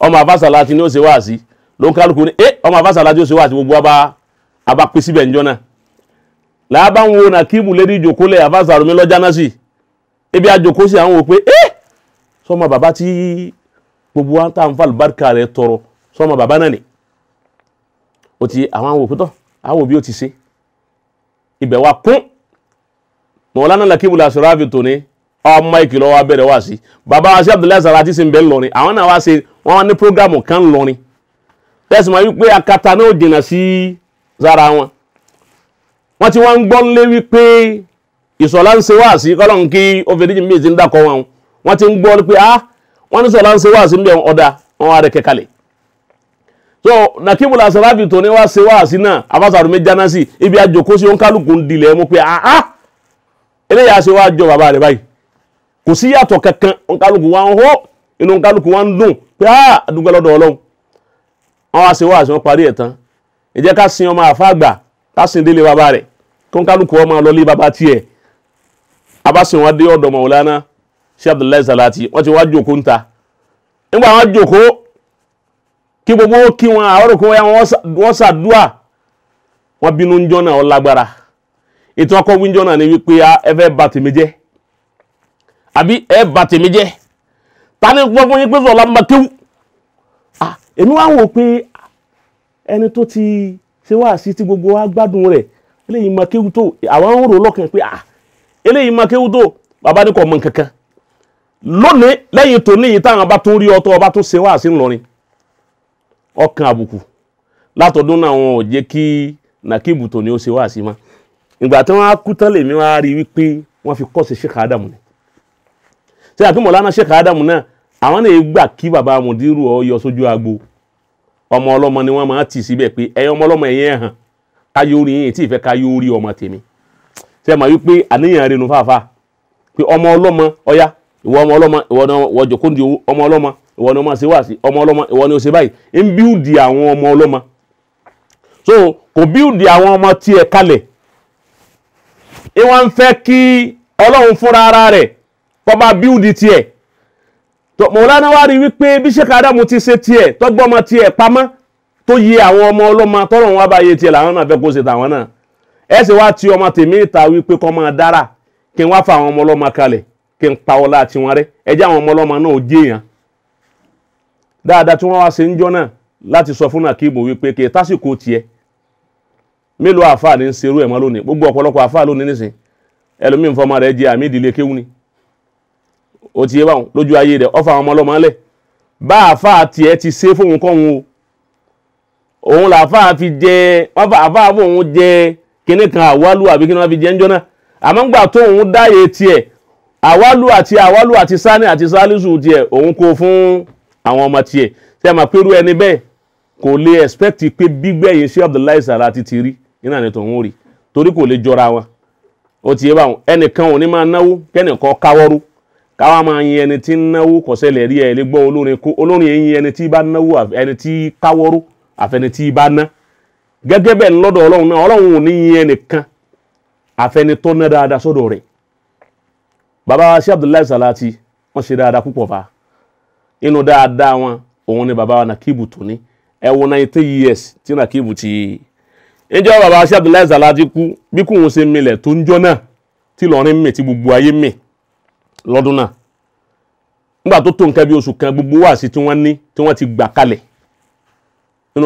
ọmọ afasalati ni ó ṣe wá sí ló ń kálukú ní ẹ ọmọ afasalati ó ṣe wá sí gbogbo abá abá pín síbẹ̀ níjọ́ náà làbá ń wo nàkíìmù lédi ìjòkólẹ̀ afasalumi lọ́jà náà sí ibi àjòkó sí àwọn wò pé ẹ sọmọ bàbá tí gbogbo wa tá à ń rẹ tọrọ sọmọ bàbá náà ni ó ti àwọn àwọn òkútọ àwọn òbí ó ti ṣe ibẹ̀ wa kún mọ̀ọ́lá náà nàkíìmù làṣọ ráàbì tòní ọmọ ìkìlọ̀ wa bẹ̀rẹ̀ wá sí bàbá wa sí Abdullahi Sarati sì ń bẹ ńlọrin àwọn náà wá ṣe wọn wá ní programu kan ńlọrin tẹ̀sí ma wípé akata náà dènà sí sára wọn wọ́n ti wá ń gbọ́ lé wípé ìsọ̀lá ń ṣe wá sí kọ́lọ́n kí obìnrin mi ti ń dàkọ̀ wọn wọ́n ti ń gbọ́ pé ah wọ́n ní sọ̀lá ń ṣe wá sí ń ọ̀dà wọn wá rẹ̀ kẹ́kálẹ̀ so nakibula sarabi tó ní wá ṣe wá sí náà afásàrùmí jáná sí ibi àjòkó sí òǹkálùkù ń dilẹ̀ mú pé ah ah eléyà ṣe wá jọ bàbá rẹ̀ báyìí kò sí yàtọ̀ kankan nkálukú wa ń hó inú nkálukú wa ń dùn pé a dúpẹ́ lọ́dọ̀ ọlọ́run wọn wá sí wá àti wọn parí ẹ̀ tán ẹ jẹ́ ká sin ọmọ àfa àgbà ká sin délé bàbá rẹ̀ kó nkálukú ọmọ lọlé bàbá tiẹ̀ abásin wọn dé ọ̀dọ̀ Maulana Sheikh Abdullahi Salati wọ́n ti wá jòkó ń ta nígbà wọn jòkó kí gbogbo kí wọn àwọn òkú wọn ṣàdúà wọn bínú ń jọ náà ọ ètò ọkọ̀ wíńjọ náà ni wípé ẹ fẹ́ bà tèmi jẹ́ àbí ẹ bà tèmi jẹ́ ta ni gbọ́ fún yín pé sọ̀lá máa kéwù èmi wá wò pé ẹni tó ti ṣe wá sí tí gbogbo wa gbádùn rẹ̀ eléyìí máa kéwù tó àwọn ń rò lọ́kàn pé eléyìí máa kéwù tó bàbá ní kò mọ nǹkan kan lónìí lẹ́yìn tòní yìí táwọn bá tún rí ọtọ́ ọba tún ṣe wá sí ńlọrin ọkàn àbùkù látọdún náà wọn ò jẹ́ kí nàkíbù tòní ó ṣe wá sí ma ìgbà tí wọ́n á kú tán lèmi wá rí wípé wọ́n fi kọ́ sí Sheikh Adamu ni ṣe àpémọ̀ lánàá Adamu náà àwọn náà gbà kí bàbá ọ sójú agbo ọmọ ọlọmọ ni wọ́n máa tì síbẹ̀ pé ọmọ ọlọmọ ẹ̀yìn ẹ̀hàn káyé orí yín tí ìfẹ́ káyé orí ọmọ tèmi ṣe máa wípé àníyàn rinu fàáfà pé ọmọ ọlọmọ ọyá ìwọ ọmọ ọlọmọ ìwọ ni wọ́n di ọmọ ọlọmọ ìwọ ni si, ọmọ ọlọmọ ìwọ ni ṣe báyìí ọmọ ọlọmọ. kó bá bíúdi tiẹ̀ mọ̀lánà wá rí wípé bí Sheikh Adamu ti ṣe tiẹ̀ tọ́gbọ́n ọmọ tiẹ̀ pamọ́ tó yẹ àwọn ọmọ ọlọ́mọ tọrọ wọn bá yẹ tiẹ̀ làwọn náà fẹ́ kó ṣe tàwọn náà ẹ sì wá ti ọmọ tèmi wípé máa dára kí n wá fa àwọn ọmọ kí n pa ọlá tiwọn rẹ ẹ àwọn ọmọ náà ó dáadáa tí wá ṣe ń náà láti sọ fún nàkíbù wípé kì í tásìkò mélòó gbogbo ọ̀pọ̀lọpọ̀ ó ti yé báwọn lójú ayé rẹ̀ ọ̀fà àwọn ọmọ ọlọ́mọ lẹ̀ bá àfà tiẹ̀ ti ṣe fóun kọ́ wọn o òun làfà fi jẹ ọ̀fà àfà fóun jẹ kíní kan àwálù àbí kíní wọn fi jẹ ń jọ́nà àmọ́ ńgbà tóun dáyé tiẹ̀ àwálù àti àwálù àti sani àti salisu tiẹ̀ òun kó fún àwọn ọmọ tiẹ̀ tí a máa pérú ẹni bẹ́ẹ̀ kò lè expect pé gbígbẹ̀yìn sí Abdullahi Sàrà ti ti rí nínú àná tó ń rí torí kò lè jọra wọn ó ti yé báwọn ẹnìkan ò ní máa náwó kẹ́nìkan káwọ́rú káwa máa yin ẹni tí ń náwó kọ̀sẹ́lẹ̀ rí ẹ lè gbọ́ olórin kó olórin tí bá náwó ẹni tí káwọ́rú àfẹni tí bá ná gẹ́gẹ́ bẹ́ẹ̀ lọ́dọ̀ ọlọ́run náà ọlọ́run ò ní yin ẹnìkan àfẹni tó ná dáadáa sọ́dọ̀ rẹ̀ bàbá wa sí Abdullahi Salati wọ́n ṣe dáadáa púpọ̀ fa inú dáadáa wọn òun ni bàbá wa years ti bàbá lọ́dún náà nígbà tó tó nǹkan bí oṣù kan gbogbo wáàsí tí wọ́n ní tí wọ́n ti gbà kalẹ̀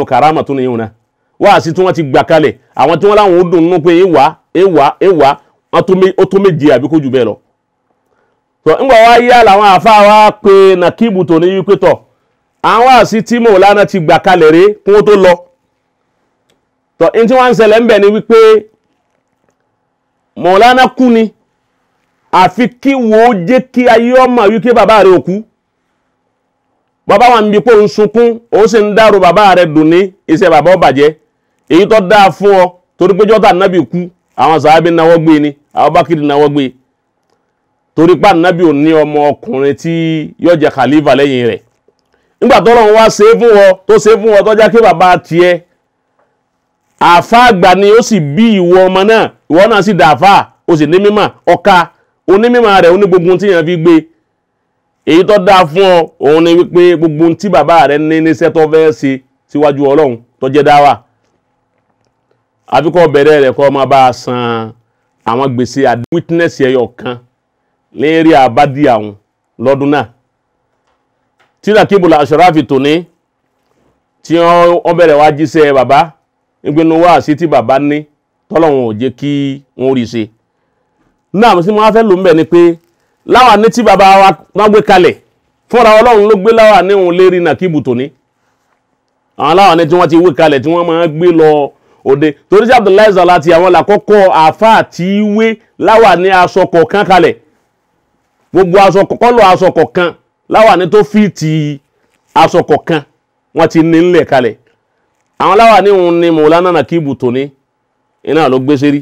karama tó nìyẹn wáàsí tí wọ́n ti gbà kalẹ̀ àwọn tí wọ́n láwọn ó dùn nínú pé wá wá wá ó tó méje àbí wa pé nàkíbù tó ní wípé tọ̀ àwọn wáàsí tí ti gbà kalẹ̀ tó lọ. tó ní tí wọ́n ń ṣẹlẹ̀ ń bẹ̀ ni wípé ni àfi kí wo ó jẹ́ kí ayé ọmọ bàbá rẹ̀ òkú bàbá wa ń bi pé ń sunkún ó sì ń dárò bàbá rẹ̀ dùn ní iṣẹ́ bàbá jẹ́ èyí tó dáa fún ọ torí pé jọ́tà nábì kú àwọn sàábì náwó gbé ni náwó gbé torí pé ànábì ò ní ọmọ ọkùnrin tí yóò lẹ́yìn rẹ̀ nígbà tó lọ́run wá ṣe é fún tó ṣe é fún tó jẹ́ kí bàbá tiẹ̀ àfa àgbà ni ó sì onímímọ̀ rẹ̀ oní gbogbo tí yẹn fi gbé èyí tó dáa fún ọ òun ni wípé gbogbo tí bàbá rẹ̀ ní níṣẹ́ tó fẹ́ ṣe síwájú ọlọ́run tó jẹ́ dáwà àfikọ́ bẹ̀rẹ̀ rẹ̀ kọ́ máa bá a san àwọn gbèsè àdé wítínẹ́sì ẹyọ kan lérí àbádìí àwọn lọ́dún náà tíra kébùlà aṣọ́ráfì tòní tí wọ́n bẹ̀rẹ̀ wá jíṣẹ́ bàbá nígbínú wá sí tí bàbá ní tọ́lọ́run ò jẹ́ kí wọ́n rí ṣe náà sí máa fẹ́ lò ń bẹ̀ ni pé láwa ní tí bàbá wa wọ́n gbé kalẹ̀ fúnra ọlọ́run ló gbé láwa ní òun lérí nàkíbù tòní àwọn láwa ní tí wọ́n ti wé kalẹ̀ tí wọ́n máa gbé lọ òde torí sí Abdullahi Zala ti àwọn làkọ́kọ́ àfa àti ìwé láwa ní aṣọ kọ̀ọ̀kan kalẹ̀ gbogbo aṣọ kọ́lọ̀ aṣọ kọ̀ọ̀kan láwa ní tó fìtì aṣọ kọ̀ọ̀kan wọ́n ti ní ńlẹ̀ kalẹ̀ àwọn láwa ní òun ni mọ̀lánà nàkíbù tòní iná ló gbé sérí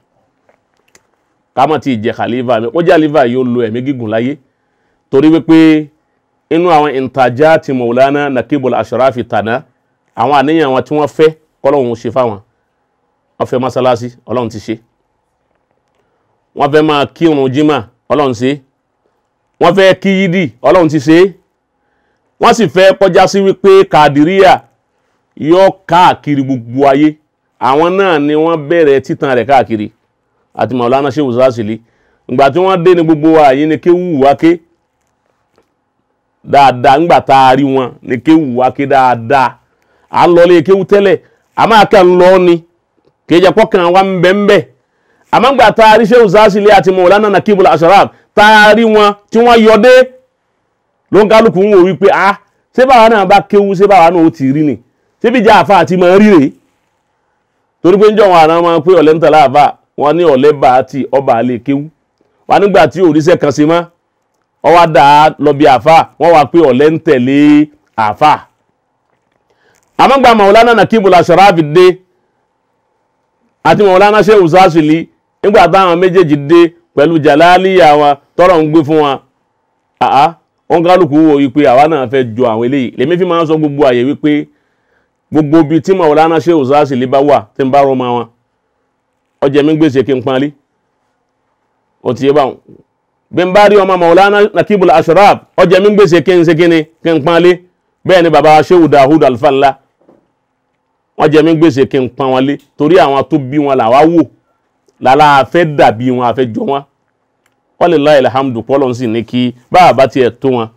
kámọ́ tí ìjẹ́ khalifa mi kó jẹ́ khalifa yóò lo ẹ̀mí gígùn láyé torí wípé inú àwọn ìntajà ti Maulana Nakibul Ashrafi tàná àwọn àníyàn wọn tí wọ́n fẹ́ kọ́lọ́hún ṣe fáwọn wọ́n fẹ́ mọ́sálásí ọlọ́run ti ṣe wọ́n fẹ́ máa kírun jimá ọlọ́run ṣe wọ́n fẹ́ kí yídì ọlọ́run ti ṣe wọ́n sì fẹ́ kọjá sí wípé kàdíríà yọ káàkiri gbogbo ayé àwọn náà ni wọ́n bẹ̀rẹ̀ títan rẹ̀ káàkiri àti Maulana Sheikh Usasili ìgbà tí wọ́n dé ní gbogbo ààyè ni kéwù wá ké dáadáa ńgbà tá a rí wọn ni kéwù wá ké dáadáa à ń lọ lé kéwù tẹ́lẹ̀ a máa kà ń lọ ni kéjà pọ́kàn wa ń bẹ́ ń bẹ́ àmọ́ ńgbà tá a rí Sheikh Usasili àti Maulana Nakibul Ashraf tá a rí wọn tí wọ́n yọ dé ló ń kálukú ń wò wípé ah ṣé báwa náà bá kéwú ṣé báwa náà ó ti rí ni ṣé bíjà àfa àti mọ̀ ń rí rèé torí pé ń jọ̀wọ́n àná máa pé ọ̀lẹ́ńtàlá àfa wọ́n ní ọ̀lẹ́ bá àti ọba àlè kéwú wọ́n nígbà tí òrìṣẹ́ kan ṣe mọ́ wọ́n wá dà á lọ bí àfà wọ́n wá pé ọ̀lẹ́ ń tẹ̀lé àfà. àmọ́gbà mọ̀wúlánà nàkíbùlà sàràfì dé àti mọ̀wúlánà ṣe òṣàṣìlì nígbà táwọn méjèèjì dé pẹ̀lú jàláàlìyà wọn tọ́rọ̀ ń gbé fún wọn àá wọn kálukú wo wípé àwa náà fẹ́ jọ àwọn eléyìí lèmi fi máa ń sọ gbogbo àyè wípé gbogbo ibi tí mọ̀wúlánà ṣe òṣàṣìlì bá wà tí ń bá rọ́ mọ́ wọn ọjẹ́ mi gbèsè kí n panlé ó ti yé báwọn bí n bá rí ọmọ Maulana Nakibul Ashraf ọjẹ́ mi gbèsè kí n ṣe kí ni kí n panlé bẹ́ẹ̀ ni baba Shehu Dahud Alfanla wọ́n jẹ́ mi gbèsè kí n pan wọn lé torí àwọn tó bí wọn làwa wò lálá afẹ́ dàbí wọn afẹ́ jọ wọn wọ́n lè láyé alhamdu pọ́lọ́n sì ní kí bá bá tiẹ̀ tó wọn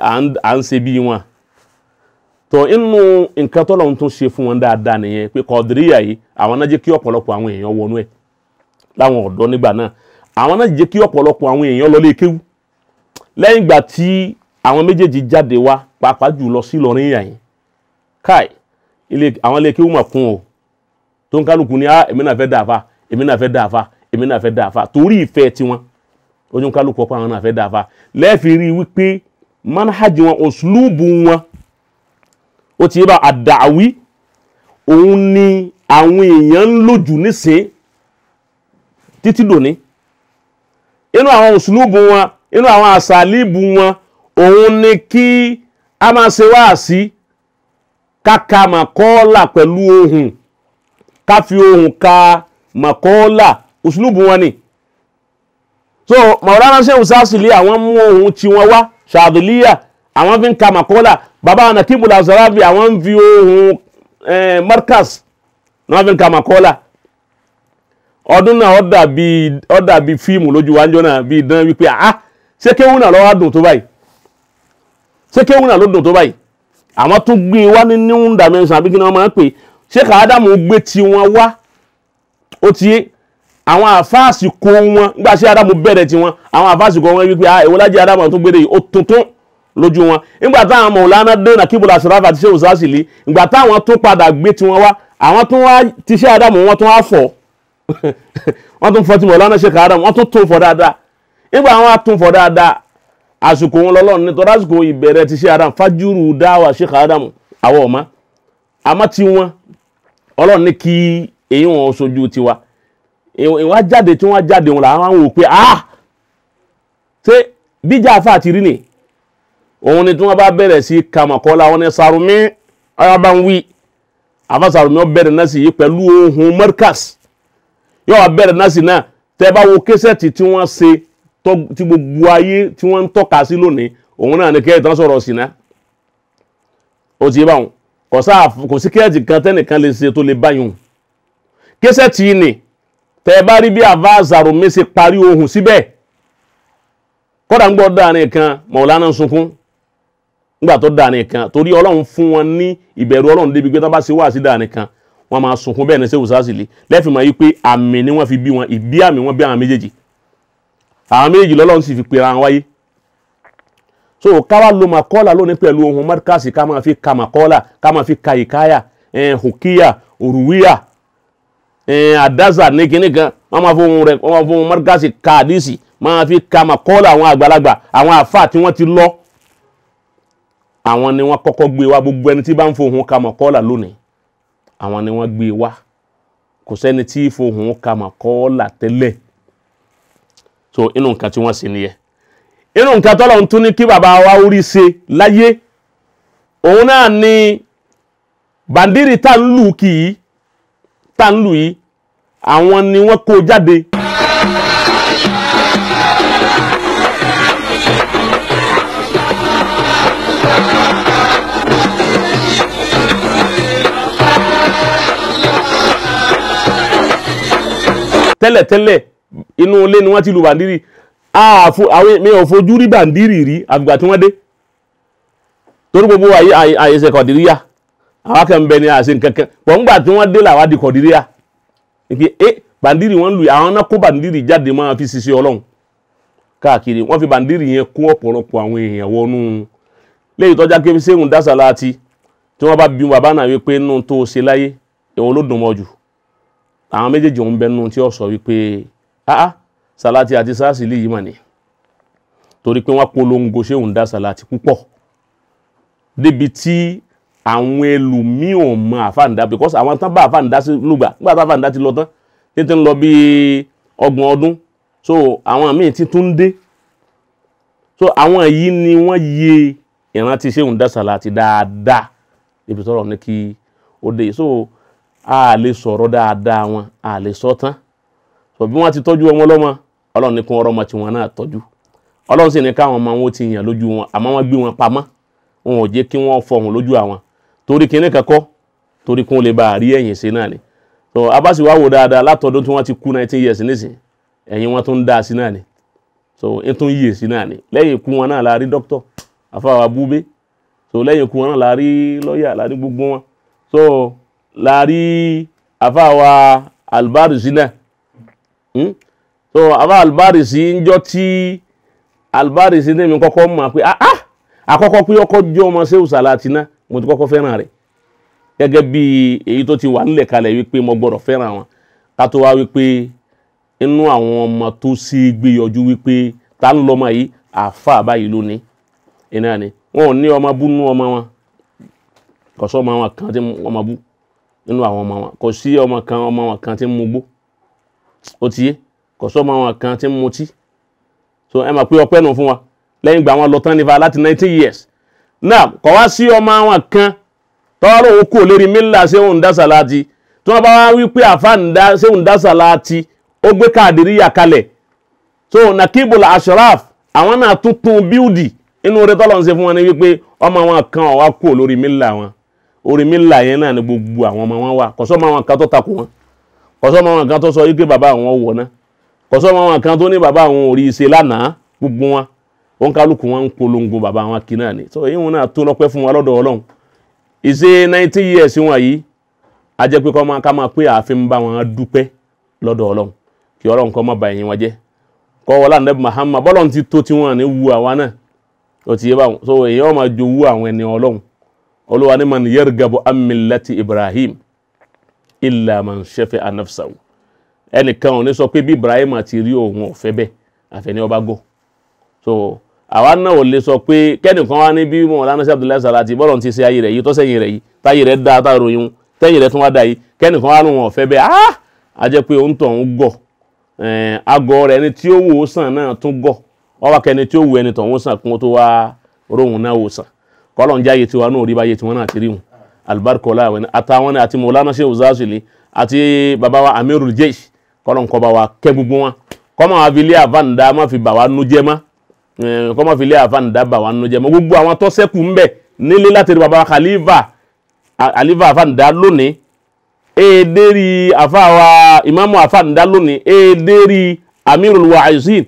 à ń ṣe bí wọn tọ inú nǹkan tọ́lọ́run tún ṣe fún wọn dáadáa nìyẹn pé kọ̀dìríyà yìí àwọn náà jẹ́ kí ọ̀pọ̀lọpọ̀ àwọn èèyàn wọnú ẹ̀ láwọn ọ̀dọ́ nígbà náà àwọn náà jẹ́ kí ọ̀pọ̀lọpọ̀ àwọn èèyàn lọ lé kéwú lẹ́yìn ìgbà tí àwọn méjèèjì jáde wá pàápàá jù lọ sí Ìlọrin yà yẹn káì ilé àwọn ilé kéwú mà kún o tó ń kálukú ni èmi náà fẹ́ dàáfà èmi náà fẹ́ dàáfà èmi náà fẹ́ dàáfà torí ìfẹ́ tiwọn ojú kálukú ọ̀pọ̀ àwọn náà fẹ́ dàáfà lẹ́ẹ̀fì rí wípé manhaj wọn òṣùlùbù wọn ó ti yé bá àdàwí òun ni àwọn èèyàn ń lò nísìn títí dòní inú àwọn òṣùlùbù wọn inú àwọn àṣàlíbù wọn òun ni kí a máa ṣe wáàsí káka màkọ́ọ́là pẹ̀lú ohun ká fi ohun ka màkọ́ọ́là òṣùlùbù wọn ni so màwúrán ránṣẹ́ òṣàṣìlẹ̀ àwọn mú ti tiwọn wá ṣàdùlíyà àwọn fi ń ka màkọ́lá bàbá nakibu lazarabi àwọn ń fi ohun eh, markas ni wọ́n fi ń ka màkọ́lá ọdún náà ó dàbí ó dàbí fíìmù lójú wa náà bíi dán wípé ah ṣé kéwù náà lọ́wọ́ dùn tó báyìí ṣé kéwù náà ló dùn tó báyìí àwọn tún gbé wá ní new dimension àbí kí ni wọ́n máa ń pè ṣé kàádámù gbé tiwọn wá ó ti yé àwọn àfáàsì kó wọn nígbà ṣé ádámù bẹ̀rẹ̀ tiwọn àwọn àfáàsì kó wọn wípé ah èwo lájẹ́ ádámù tó gbére lójú wọn nígbà táwọn Maulana dé na kíbùlà Sharaf àti Sheikh Usasili táwọn tún padà gbé tiwọn wá àwọn tún wá wọn tún wá fọ̀ tún ti tún tún dáadáa wọn tún fọ̀ dáadáa àsìkò wọn lọ́lọ́run àsìkò ìbẹ̀rẹ̀ Adamu fajúrù dáwà nwa Adamu àwọn ọ̀ma àmọ́ tí wọn ọlọ́run ní kí èyí wọn sojú tiwa ìwọ́n tí jáde wọn làwọn wò pé ah òun ni tí wọ́n bá bẹ̀rẹ̀ sí kàmọ̀kọ́lá wọn ni Sàrùmí ayaba ń wí àfa Sàrùmí ó bẹ̀rẹ̀ náà sí yìí pẹ̀lú ohun mọ́rkàs yóò bẹ̀rẹ̀ náà sí náà tẹ́ bá wo késẹ́ẹ̀tì tí wọ́n ṣe tí gbogbo ayé tí wọ́n ń tọ́ka sí lónìí òun náà ni kẹ́ẹ̀tì náà sọ̀rọ̀ sí náà ó ti bá wọn kò sí kẹ́ẹ̀tì kan tẹ́nìkan lè ṣe tó lè báyìí késẹ́ẹ̀tì ni tẹ́ bá rí bí àfa Sàrùmí ṣe parí ohun síbẹ̀ kọ́dà ń gbọ́ dáa nìkan Maulana sunkún nígbà tó dà nìkan torí ọlọ́run fún wọn ní ìbẹ̀rù ọlọ́run débi pé tó bá ṣe wá sí dà nìkan wọn máa sunkún bẹ́ẹ̀ ní sẹ́wù sásìlì lẹ́fì máa yí pé àmì ni wọ́n fi bí wọn ìbí àmì wọn bí àwọn méjèèjì àwọn méjèèjì lọ́lọ́run sì fi pera wọn wáyé so káwa ló máa kọ́là lónìí pẹ̀lú ohun mọ́díkàsì ká máa fi ka máa kọ́là ká máa fi ka ìkáyà ẹ̀ẹ́n hùkíyà òrùwíyà ẹ̀ẹ́n àdáza ní kinní kan wọ́n máa fohun rẹ̀ wọ́n máa fohun mọ́díkàsì àwọn ni wọ́n kọ́kọ́ gbé wá gbogbo ẹni tí bá ń fohùn ka mọ̀kọ́là lónìí àwọn ni wọ́n gbé wá kò sẹ́ni tí fohùn ka mọ̀kọ́là tẹ́lẹ̀ so inú nǹkan tí wọ́n sì nìyẹn inú nǹkan tọ́lọ̀ ń tún ní kí bàbá wa orí ṣe láyé òun náà ni bàndírì tá ń lù kì í tá ń lù yìí àwọn ni wọ́n kó jáde tẹ́lẹ̀tẹ́lẹ̀ inú ilé ni wọ́n ti lu bàǹdírì àwọn mi ò fojú rí bàǹdírì rí àgbà tí wọ́n dé torí gbogbo àyèsè kọ̀dìríyà àwa kan bẹ ni àṣẹ nkankan pọ̀ ńgbà tí wọ́n dé làwa di kọ̀dìríyà ìpè é bàǹdírì wọ́n lu àwọn náà kó bàǹdírì jáde máa fi ṣiṣẹ́ ọlọ́run káàkiri wọ́n fi bàǹdírì yẹn kó ọ̀pọ̀lọpọ̀ àwọn èèyàn wọnú léyìí tọ́já kébí sẹ́hùn dásàlá ti tí wọ́n bá bí bàbá náà wípé nínú tó ṣe láyé èwo ló dùn mọ́ jù àwọn méjèèjì òun bẹnu tí ó sọ wípé áá Salati àti SARS lè yí mà ní torí pé wọ́n polongo ṣé òun dá Salati púpọ̀ débi tí àwọn ẹlòmíì ò mọ àfàǹdá because àwọn tán bá àfàǹdá sí lùgbà nígbà tá àfàǹdá ti lọ tán títí ń lọ bí ọgbọ̀n ọdún so àwọn míì ti tún dé so àwọn yìí ni wọ́n yẹ ìrántí ṣé òun dá Salati dáadáa ibi tọ́rọ̀ ní kí ó dé so a lè sọ̀rọ̀ dáadáa wọn a lè sọ tán sọ bí wọ́n ti tọ́jú ọmọ ọlọ́mọ ọlọ́run ní kún ọrọ̀ ọmọ tiwọn náà tọ́jú ọlọ́run sì ní káwọn ọmọ wọn ti yàn lójú wọn àmọ́ wọ́n gbé wọn pamọ́ wọn ò jẹ́ kí wọ́n fọhùn lójú àwọn torí kíní kankọ́ torí kún lè ba àrí ẹ̀yìn sí náà ni so abasi wa wò dáadáa látọdún tí wọ́n ti kú nineteen years nísìn ẹ̀yìn wọn tún ń sí náà ni so ń tún yíyè sí náà ni lẹ́yìn ikú wọn náà la rí dókítọ̀ àfàwà búbé so lẹ́yìn ikú wọn náà la rí lọ́ọ̀yà la rí gbogbo wọn so Lari, àfáàwà albarisi náà hmm? so àfáà albarisi ń jọ tí albarisi ní mi kọ́kọ́ mọ̀ pé ah, ah àkọ́kọ́ pé ọkọ̀ jẹ́ ọmọ sẹ́wù sàlátínà mo ti kọ́kọ́ fẹ́ràn rẹ̀ gẹ́gẹ́ bí èyí tó ti wà nílẹ̀ kalẹ̀ wípé mo gbọ́dọ̀ fẹ́ràn wọn ká tó wá wípé inú àwọn ọmọ tó ṣe é gbé yọjú ta ń lọ́mọ yìí àáfàá báyìí ló ní iná ni wọn ò ní ọmọ bú nú ọmọ wọn kọ̀sọ́ ọmọ wọn kan tí ọmọ bú nínú àwọn ọmọ wọn kò sí ọmọ kan ọmọ wọn kan tí ń mugbó ó ti yé kò sí ọmọ wọn kan tí ń mutí so ẹ mọ̀ pé ọpẹ́ nù fún wa lẹ́yìn ìgbà wọn lọ tán nípa láti nineteen years náà kò wá sí ọmọ wọn kan tọ́rọ̀ òun kò lérí mílà ṣéun dásà láti tí wọ́n bá wá wí pé àfa ṣéun dásà láti ó gbé Kàdìríyà kalẹ̀ so nakibul ashraf àwọn náà tuntun bíúdì inú rẹ tọ́lọ́ ń ṣe fún wọn ni wípé ọmọ wọn kan ó wá kú lórí mílà wọn orí mílà yẹn náà ni gbogbo àwọn ọmọ wọn wà kọsọmọ àwọn kan tó takò wọn kọsọmọ àwọn kan tó sọ yí baba bàbá àwọn wọ náà kọsọmọ àwọn kan tó ní bàbá àwọn ò rí lánàá gbogbo wọn wọn kálukú wọn ń polongo bàbá so wọn náà tó fún years wọn yìí ká máa pé bá wọn dúpẹ́ kí olúwa ni man yargabu an millati ibrahim illa man shafi'a nafsahu ẹnìkan ò ní sọ pé bí ibrahim àti rí òun ò fẹ́ bẹ́ẹ̀ ọba gò so àwa náà ò lè sọ pé kẹ́nìkan wá ní bí mọ̀lánà sí abdullahi salati bọ́lọ̀ ti ṣe ayé rẹ̀ yìí tọ́sẹ̀yìn rẹ̀ yìí táyé rẹ̀ dáa tá ròyìn tẹ́yìn rẹ̀ tún wá dá yìí kẹ́nìkan wá lóun ò fẹ́ bẹ́ẹ̀ á ah! a pé òun tọ̀hún gọ̀ agọ̀ rẹ̀ ẹni tí ó wò ó sàn náà tún gọ̀ ọwọ́ kẹni tí ó wò ẹni tọ̀hún sàn kún tó wá róhun náà wò sàn kọ́lọ̀n jáyé tiwa náà rí báyé tiwọn náà ti rí wọn alibarikola àwọn àtàwọn àti mọ̀lánà ṣe òzázìlì àti bàbá wa amirul jeish kọ́lọ̀n kọ́ bá wa kẹ́ gbogbo wọn kọ́mọ abilé àfàǹdà má fi bà wá nú jẹ́ eh, má kọ́mọ avanda àfàǹdà bà wá nú jẹ́ má gbogbo àwọn tó ṣẹ́kù ńbẹ̀ nílé láti rí bàbá khalifa khalifa àfàǹdà lónìí èdèrí àfàwà ìmáàmù àfàǹdà lónìí èdèrí amirul wa'izin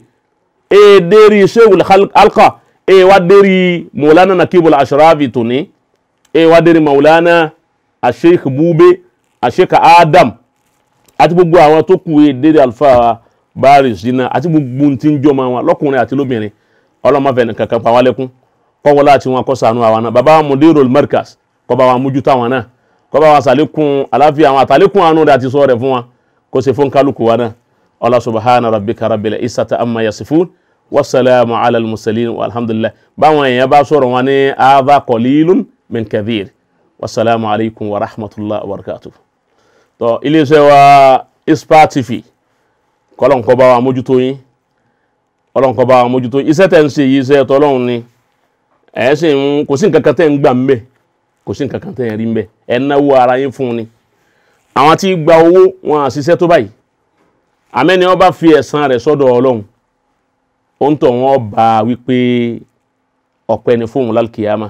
èdèrí shehul halqa e wa deri maulana nakibul ashrafi tuni e wa deri maulana asheikh bube asheikh adam àti gbogbo àwọn tó kù e deri alfa baris dina àti gbogbo tí ń jọmọ wọn lọ́kùnrin àti lóbìnrin ọlọmọfẹ nìkan kan pa wọn lẹ́kún kọwọ láti wọn kọ sànú àwọn náà baba amude mudirul markaz kó bá wa mójútó àwọn náà kó bá wa ṣàlékún àlàáfíà àwọn àtàlékún àánú rẹ̀ àti sọ rẹ̀ fún wa kó ṣe fún kálukú wa náà ọlá subhana rabbika rabbil isata amma yasifun wasalaamu ala al-mursalin alhamdulilah báwọn èèyàn bá sọ̀rọ̀ wọn ní ava kọ̀lílùn min kathir wasalaamu alaykum wa rahmatulah wa barakatuh. tó iléeṣẹ́ wa ispa tv kọ́lọ́nkọ́ bá wa mójútó yín kọ́lọ́nkọ́ bá wa mójútó yín iṣẹ́ tẹ̀ ń ṣe yìí iṣẹ́ tọ́lọ́run ni ẹ̀ ẹ́ sì ń kò sí nǹkan kan tẹ̀ ń gbà ń bẹ̀ kò sí nǹkan kan tẹ̀ ń rí ń bẹ̀ ẹ̀ náwó ara yín fún ni àwọn tí gba owó wọn àṣìṣe tó báyìí àmẹ́ni wọn bá fi ẹ̀san rẹ̀ sọ́dọ̀ ọlọ́run òun tó wọn bá wípé ọpẹ́ ni fóun lálùkìyàmà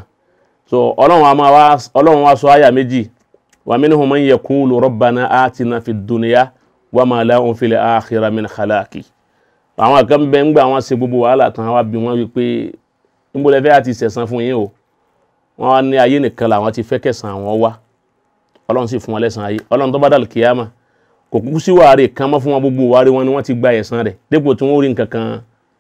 so ọlọ́run wa sọ àyà méjì wa minhum man yaqulu rabbana atina fid dunya wa ma lahum fil akhirati min khalaqi àwọn kan bẹ ń gbà wọn ṣe gbogbo wàhálà tán wá bí wọn wípé ńbọlẹ́fẹ́ àti sẹ̀san fún yín o wọn ní ayé nìkan làwọn ti fẹ́ kẹsàn àwọn wá ọlọ́run sì fún wọn lẹ́sàn ayé ọlọ́run tó bá dàlù kíyàmà kò kúkú sí wàhálà kan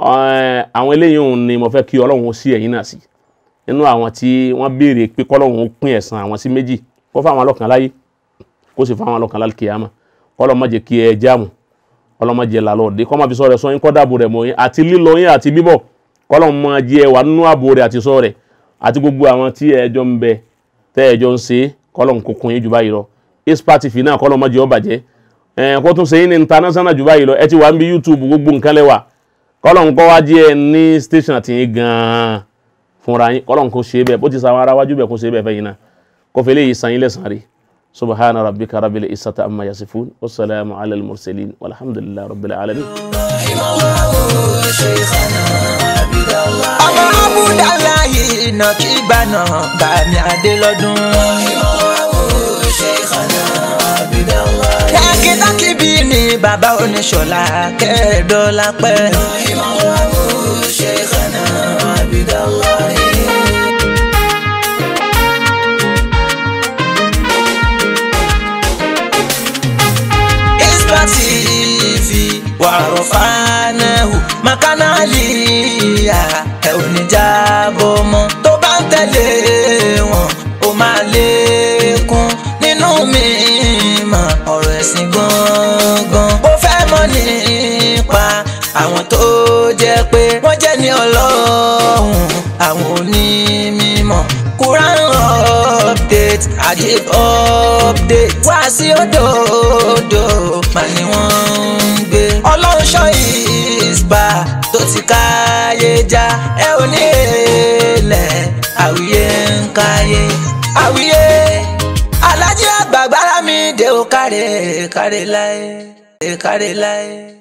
àwọn eléyìí òun ni mo fẹ́ kí ọlọ́run ó sí ẹ̀yìn náà sí nínú àwọn tí wọ́n béèrè pé kọ́lọ́run ó pín ẹ̀san àwọn sí méjì kó fáwọn ọlọ́kan láyé kó sì fáwọn ọlọ́kan láyé kìyàmá ọlọ́mọ jẹ́ kí ẹ jáàmù ọlọ́mọ jẹ́ làlọ́ òde kọ́ máa fi sọ rẹ̀ sọ yín kọ́ dáàbò rẹ̀ mọ́ yín àti lílọ yín àti bíbọ̀ kọ́lọ́run máa jẹ́ wà nínú ààbò rẹ̀ àti sọ rẹ̀ àti gbogbo àwọn tí ẹjọ́ ń bẹ tẹ́ ẹjọ́ ń ṣe kọ́lọ́run kò kún yín jù báyìí lọ ispa tv náà kọ́lọ́run má jẹ́ ó bàjẹ́ kó tún ṣe yín ní international jù báyìí lọ ẹ ti wà ń bí youtube gbogbo nǹkan lẹ́wà kọ́lọ́n kọ́ wá díẹ̀ ní station àti yín gan-an fúnra yín kọ́lọ́n kò ṣe é bẹ́ẹ̀ bó ti sa àwọn aráwájú bẹ́ẹ̀ kò ṣe é bẹ́ẹ̀ fẹ́yìn náà kò fẹ́ léyìí san yín lẹ́sàn-án rí subhana rabbika rabbil isata amma yasifun wa salaamu ala al-mursalin walhamdulillahi Rabbi alamin. ọmọ abudulayi nàkí ìbànú bàmí adé lọ́dún. akítákíbi ni bàbá oníṣọ̀lá kẹ́ẹ̀dọ́lápẹ́. ìmọ̀ wa kò ṣe kànáà àbídọ́lá yìí. isbatihi wàrọ̀fánẹ́hù makanaliya ẹ̀ ò ní jábọ̀ mọ́ tó bá ń tẹ̀lé wọn ó máa lé. ẹ̀sìn gangan ó fẹ́ mọ̀ nípa àwọn tó jẹ́ pé wọ́n jẹ́ ní ọlọ́run àwọn onímọ̀ Quran update Ajib update wá sí òdòdó mà ní wọ́n ń gbé ọlọ́run ṣọ́ ìsbà tó ti káyé já ẹ ò ní èlẹ̀ àwíyé ń káyé àwíyé ó kárẹ̀ kárẹ̀ láyé kárẹ̀ láyé.